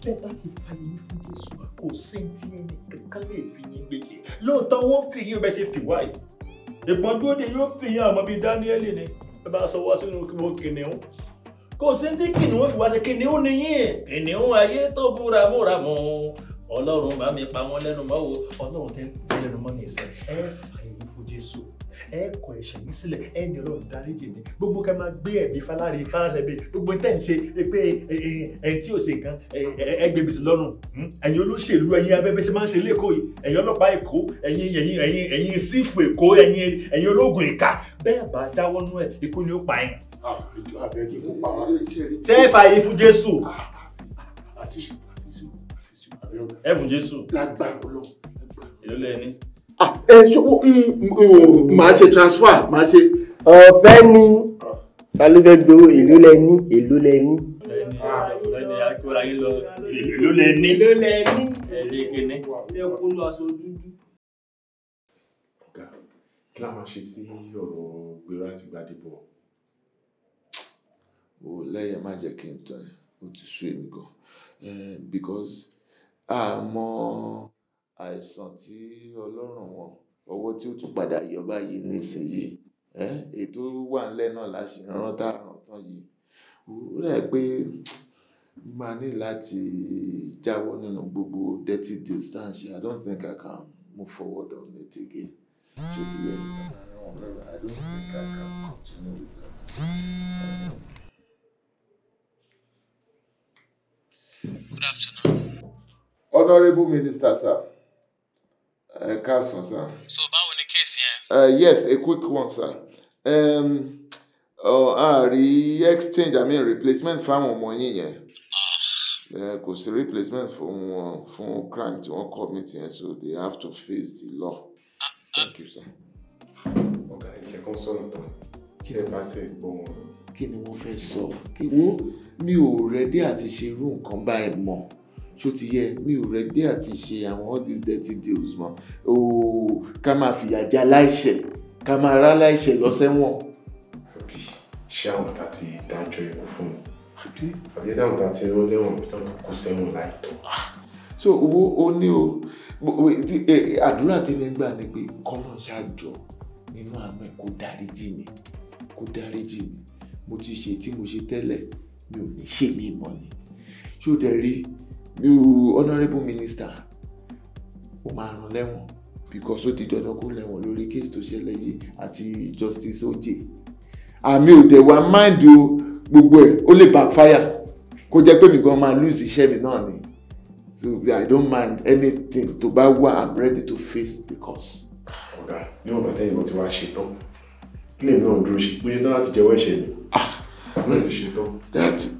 bẹ́ẹ̀ bá ti fàyè ní fún Jésù kò sí tí ẹnì kankan lè fi yín gbèjì lóòótọ́ wọ́n fi yín bẹ́ẹ̀ ṣe fi wá yìí ìpọ́njú òde yóò fi yín àmọ́ bíi Dáníẹ́lì ni ẹ bá sọ wá sínú kìnìún kò sí tí kìnìún fi wá sí kìnìún nìyí kìnìún ayé tó búra múra mọ́ Ọlọ́run bá mi pa wọ́n lẹ́nu mọ́ o Ọlọ́run tẹ́ lẹ́nu mọ́ nìṣẹ́ ẹ fàyè ní fún Jésù ẹ kọ ẹ̀ṣẹ̀ yín sílẹ̀ ẹ ní Ọlọ́run dáríjì mi gbogbo kẹ máa gbé ẹbí faláre fálárẹbẹ gbogbo tẹ ń ṣe pé ẹ tí ò ṣe nǹkan ẹ gbé bìsì lọ́rùn hmm? ẹ̀yin olóṣèlú ẹ̀yin abẹbẹ ṣe máa ń ṣe lẹkọọ yìí ẹ̀yin ọlọ́pàá Èkó ẹ̀yin ẹ̀yin ẹ̀yin ẹ̀yin sífù Èkó ẹ̀yin ẹ̀yin ológun ìka bẹ́ẹ̀ bá dáwọ́ nú ẹ ikú ni ó pa yín. ṣé ẹ fa ìfún Jésù ẹ fún Jésù. lágbára Ọlọ́run. èló lẹni ẹ ṣọwọ́ màá ṣe transfer màá ṣe. ọ̀fẹ́ ni ta ló fẹ́ gbowó èló lẹ ní èló lẹ ní. èló lẹ ní. èló lẹ ní. èlé kìíní. ẹ kó lọ aṣọ dúdú. ọ̀gá kí la máa ṣe sí ọ̀rọ̀ gbèrò àti gbàdébọ̀. o lẹ́yìn má jẹ́ kí n tán ẹ ó ti sú èmi gan eh, because àmọ́. Ah, àìsàn tí ọlọ́run wọn ọwọ́ tí ó tún padà yọ báyìí nísìnyí ètò wà ńlẹ̀ náà láti rán tá àrùn tán yìí ó pé máa ní láti jáwọ́ nínú gbogbo dirty distance I don't think I can move forward on it again ṣé ti yẹ I don't think I can Good afternoon. Honourable Minister, sir ẹ eh, káàsán sir. so báwo the case yeah. Uh, yes a quick one sir. Um, uh, a rí exchange i mean replacement fáwọn ọmọ yín yẹn ah. eh, kò sí replacement fún wọn fún crime to wọ́n commit yeah. so they have to face the law. Uh, thank you sir. ọ̀gá ẹ̀jẹ̀ kan sọ̀rọ̀ tán kí ẹ bá ti gbọ́ wọn. kí ni wọ́n fẹ́ sọ kí wọ́n mi ò rẹ́dí àti ṣerú nǹkan báyìí mọ́ ṣó ti yẹ mi ò rẹ dé àti ṣe àwọn all these dirty deals mọ́ ooo ká máa fìyà já láìṣẹ̀ ká máa rá láìṣẹ̀ lọ sẹ́wọ̀n. àbí ṣé àwọn ọ̀tá ti dájọ́ ikú fún mi àbí àbí táwọn ọ̀tá ti rán lẹ́wọ̀n bí tán kó sẹ́wọ̀n láìtọ́. Ah, so owó ó ní o àdúrà tẹ́lẹ̀ ń gbà ni pé kọ́nà ṣáàjọ nínú àánú ẹ̀ kó dáríjì mi kó dáríjì mi mo ti ṣe tí mo ṣe tẹ́lẹ̀ mi ò ní ṣe mọ́ ni yóò dẹ̀ rí irú honourable minister ó máa rán lẹ́wọ̀n because ó ti dandan kó lẹ́wọ̀n lórí case tó ṣẹlẹ̀ yìí àti justice oje àmì òde wa mind o gbogbo ẹ̀ ó lè backfire kó jẹ́ pé mi gan máa lose iṣẹ́ mi náà ni so i don't mind anything To bá wà i'm ready to face the cause. ọ̀gá ní ọ̀gá lẹ́yìn mo ti wá ṣetán kílẹ̀ náà dúró ṣe pé náà láti jẹ́wọ́ ẹ̀ṣẹ̀ mi. ah ṣetán.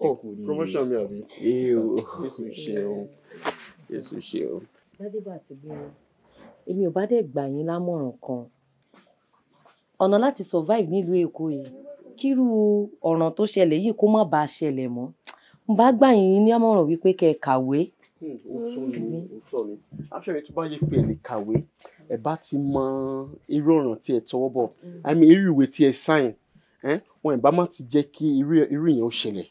ẹ oh, kú ní promotion mi àbí eh, Jésù ṣeun Jésù ṣeun. gbadebo àti bímọ èmi ò bá dẹ̀ gbà yín lámọ̀ràn kan ọ̀nà láti survive nílùú èkó yìí kírú ọ̀ràn tó ṣẹlẹ̀ yìí kó má bàa ṣẹlẹ̀ mọ́ n bá gbà yín ní àmọ̀ràn wípé kẹ́ ẹ kàwé. Hmm, òótọ́ ni òótọ́ ni aṣọ́ni tó bá yẹ pé ẹ lè kàwé ẹ bá ti mọ irú ọ̀ràn tí ẹ tọwọ́ bọ̀ àmì hmm. irú ìwé tí ẹ sáyìn wọn ìbá má ti jẹ́ kí irú ìyẹn ó ṣẹlẹ̀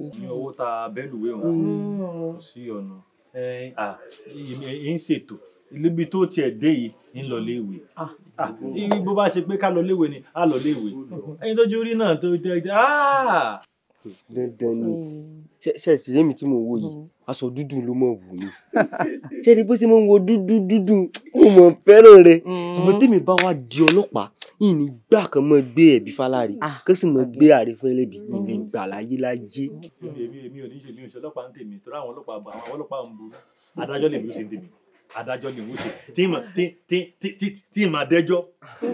ní owó tá a bẹ́lùwé ọ̀hún kò sí ọ̀nà ẹ̀yìn ṣètò níbi tó tiẹ̀ dé yìí ń lọ léèwé bó bá ṣe pé ká lọ léèwé ni á lọ léèwé ẹni tó jú rí náà tó jẹ́ dandan ni ṣe ṣe èmi tí mo wo yìí hmm. aṣọ dúdú ló mọ̀ wù mí ṣe ni bó ṣe máa ń wo dúdú dúdú mo mọ̀ fẹ́ràn rẹ hmm. ṣùgbọ́n tèmi bá wá di ọlọ́pàá yìí ní gbà kan mọ gbé ẹbí fáláre ah. kó sì mọ gbé àrífín ẹlẹbi hmm. ní gbà láyé láyé. èmi ò ní ṣe mi ò ṣe ọlọ́pàá ń tèmi torí àwọn ọlọ́pàá àwọn ọlọ́pàá ń bu adájọ́ lèmi ó ṣe ń tèmi adájọ́ ni wọ́n ṣe tí ì máa dẹ́jọ́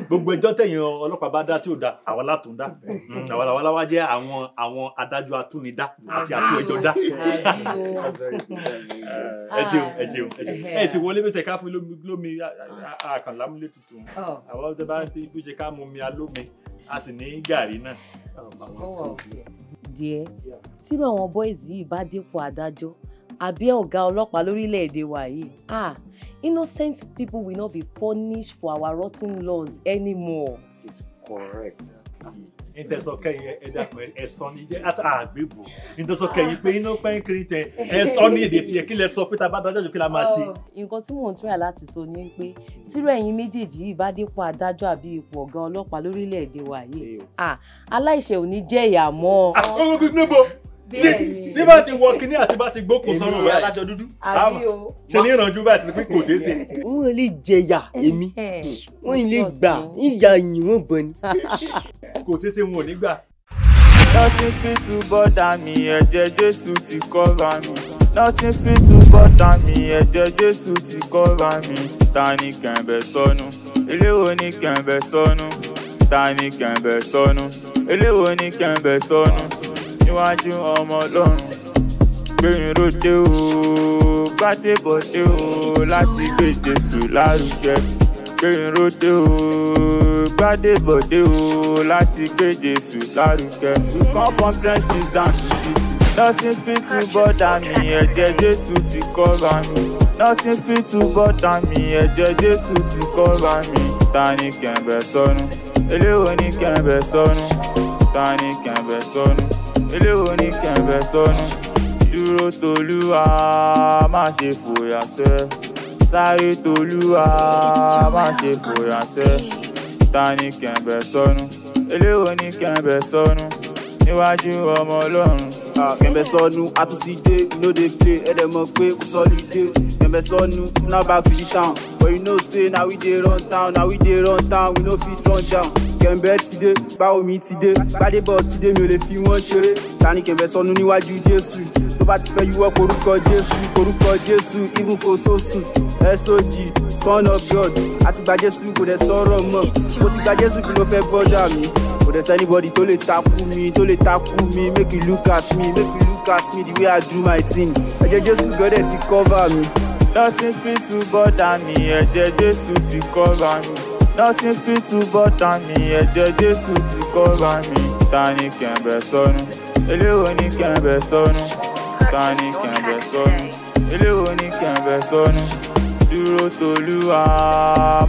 gbogbo ẹjọ́ tẹ̀yìn ọlọ́pàá bá dá tí ò dá àwa látún dá mm. àwa làwa láwa jẹ́ àwọn àwọn adájọ́ atúnidá àti ah. atúẹjọ́ dá. ẹ ṣeun ẹ ṣeun ẹ ṣe ah. wọlé bí tẹ̀ka fún lómi àkànlá múlẹ̀ tuntun oh. àwọn ọ̀dọ́ bá ń fi bí ó ṣe ká mú mi alómi a sì ní gàrí náà. Oh, díẹ̀ tí àwọn boys yìí bá dépò adájọ́ àbí ọ̀gá ọlọ́pàá lórílẹ̀‐èdè wa yìí ah innocent people will not be punished for our rotten laws anymore. it correct ìtẹ̀sọ̀kẹ́ yẹn ẹ̀dá pẹ̀lú ẹ̀sọ́ ní jẹ́ àgbébò ìtẹ̀sọ̀kẹ́ yìí pé iná pẹ́ ń kiri tẹ ẹ̀sọ́ ní èdè tiẹ̀ kí lẹ sọ pé tá a bá dájọ́ kí la máa ṣe. nǹkan tí mò ń tún yà láti sọ ni pé tírú ẹ̀yin méjèèjì yìí bá dépò adájọ́ àbí ipò ọ̀gá ọlọ́pàá lórílẹ̀‐èdè wa yìí aláìṣẹ̀ ò ní jẹ́ ìyà àwọn ọmọ bíbí ah, oh, níbo ní bá ti wọ kíní àti bá ti gbókò sọ́run rẹ̀ aláṣọ dúdú sáàmà ṣe ní ìrànjú bá ti pín kò ṣeé ṣe. wọ́n lè jẹyà èmi eh, eh. wọ́n lè gbà ìyà yìí wọ́n bọ̀ ni. kò ṣeé ṣe wọn ò ní gbà. nothing fit to bother me ẹ̀jẹ̀ jésù ti cover mi nothing fit to bother me ẹ̀jẹ̀ jésù ti cover mi ta ni kẹ̀mbẹ̀ sọnù eléwo ni kẹ̀mbẹ̀ sọnù ta ni kẹ̀mbẹ̀ sọnù eléwo ni kẹ̀mbẹ̀ sọnù níwájú ọmọ ọlọ́run gbẹ̀yìn ròde o gbàdébọ̀dé o láti gbé jésù lárugẹ gbẹ̀yìn ròde o gbàdébọ̀dé o láti gbé jésù lárugẹ we come from dresses down to city nothing fit to bother me ẹ̀jẹ̀ jésù ti cover me nothing fit to bother me ẹ̀jẹ̀ jésù ti cover me ta ni kẹ̀mbẹ̀ sọnù eléwo ni kẹ̀mbẹ̀ sọnù ta ni kẹ̀mbẹ̀ sọnù eléwo ní kẹ̀mbẹ́ sọnù dúró tolúwa má ṣe fòyà sẹ́ sáré tolúwa má ṣe fòyà sẹ́ ta ní kẹ̀mbẹ́ sọnù eléwo ní kẹ̀mbẹ́ sọnù níwájú ọmọ ọlọ́run. Ah, kẹ̀mbẹ́ sọnù àtúntìdé no dey play ẹ̀dẹ̀ mọ̀ pé kò sọ́ọ́lì dé kẹ̀mbẹ́ sọnù snap back to the town but you know say na we dey run town na we dey run town we no fit run down kẹ̀mbẹ́ ti dé báwo mi ti dé gbadébọ̀ ti dé mi ò lè fi wọ́n ṣeré ta ni kẹ̀mbẹ́ sọnù níwájú jésù tó bá ti fẹ́ yíwọ́ korúkọ jésù korúkọ jésù even kò tó sùn sog son of god àti gba jésù kò dẹ̀ sọ̀rọ̀ mọ́ mo ti gba jésù kí ló fẹ́ bọ́dà mi kò dẹ̀ sẹ́nibọ́dì tó lè takú mi tó lè takú mi make you look at me make you look at me the way i do my thing ẹ̀jẹ̀ jésù gbọ́dẹ̀ ti cover mi. nothing fit to bother me ẹ̀jẹ̀ jésù ti cover me nothing fit to butter me ẹ̀jẹ̀ jésù ti cover mi ta ni kẹ̀mbẹ̀ sọnù eléwo ni kẹ̀mbẹ̀ sọnù ta ni kẹ̀mbẹ̀ sọnù eléwo ni kẹ̀mbẹ̀ sọnù dúró tolúwa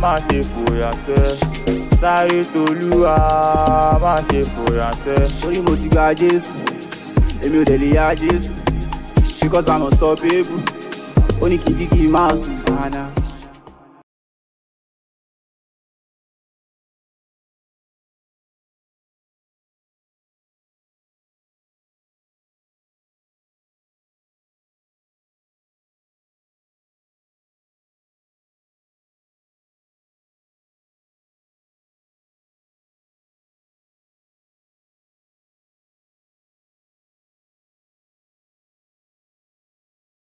má ṣe fòyà sẹ́ sáré tolúwa má ṣe fòyà sẹ́. torí mo ti gba jésù èmi ò dẹ̀ lè yá jésù because i'm unstoppable ó ní kìdíkì máa sùn.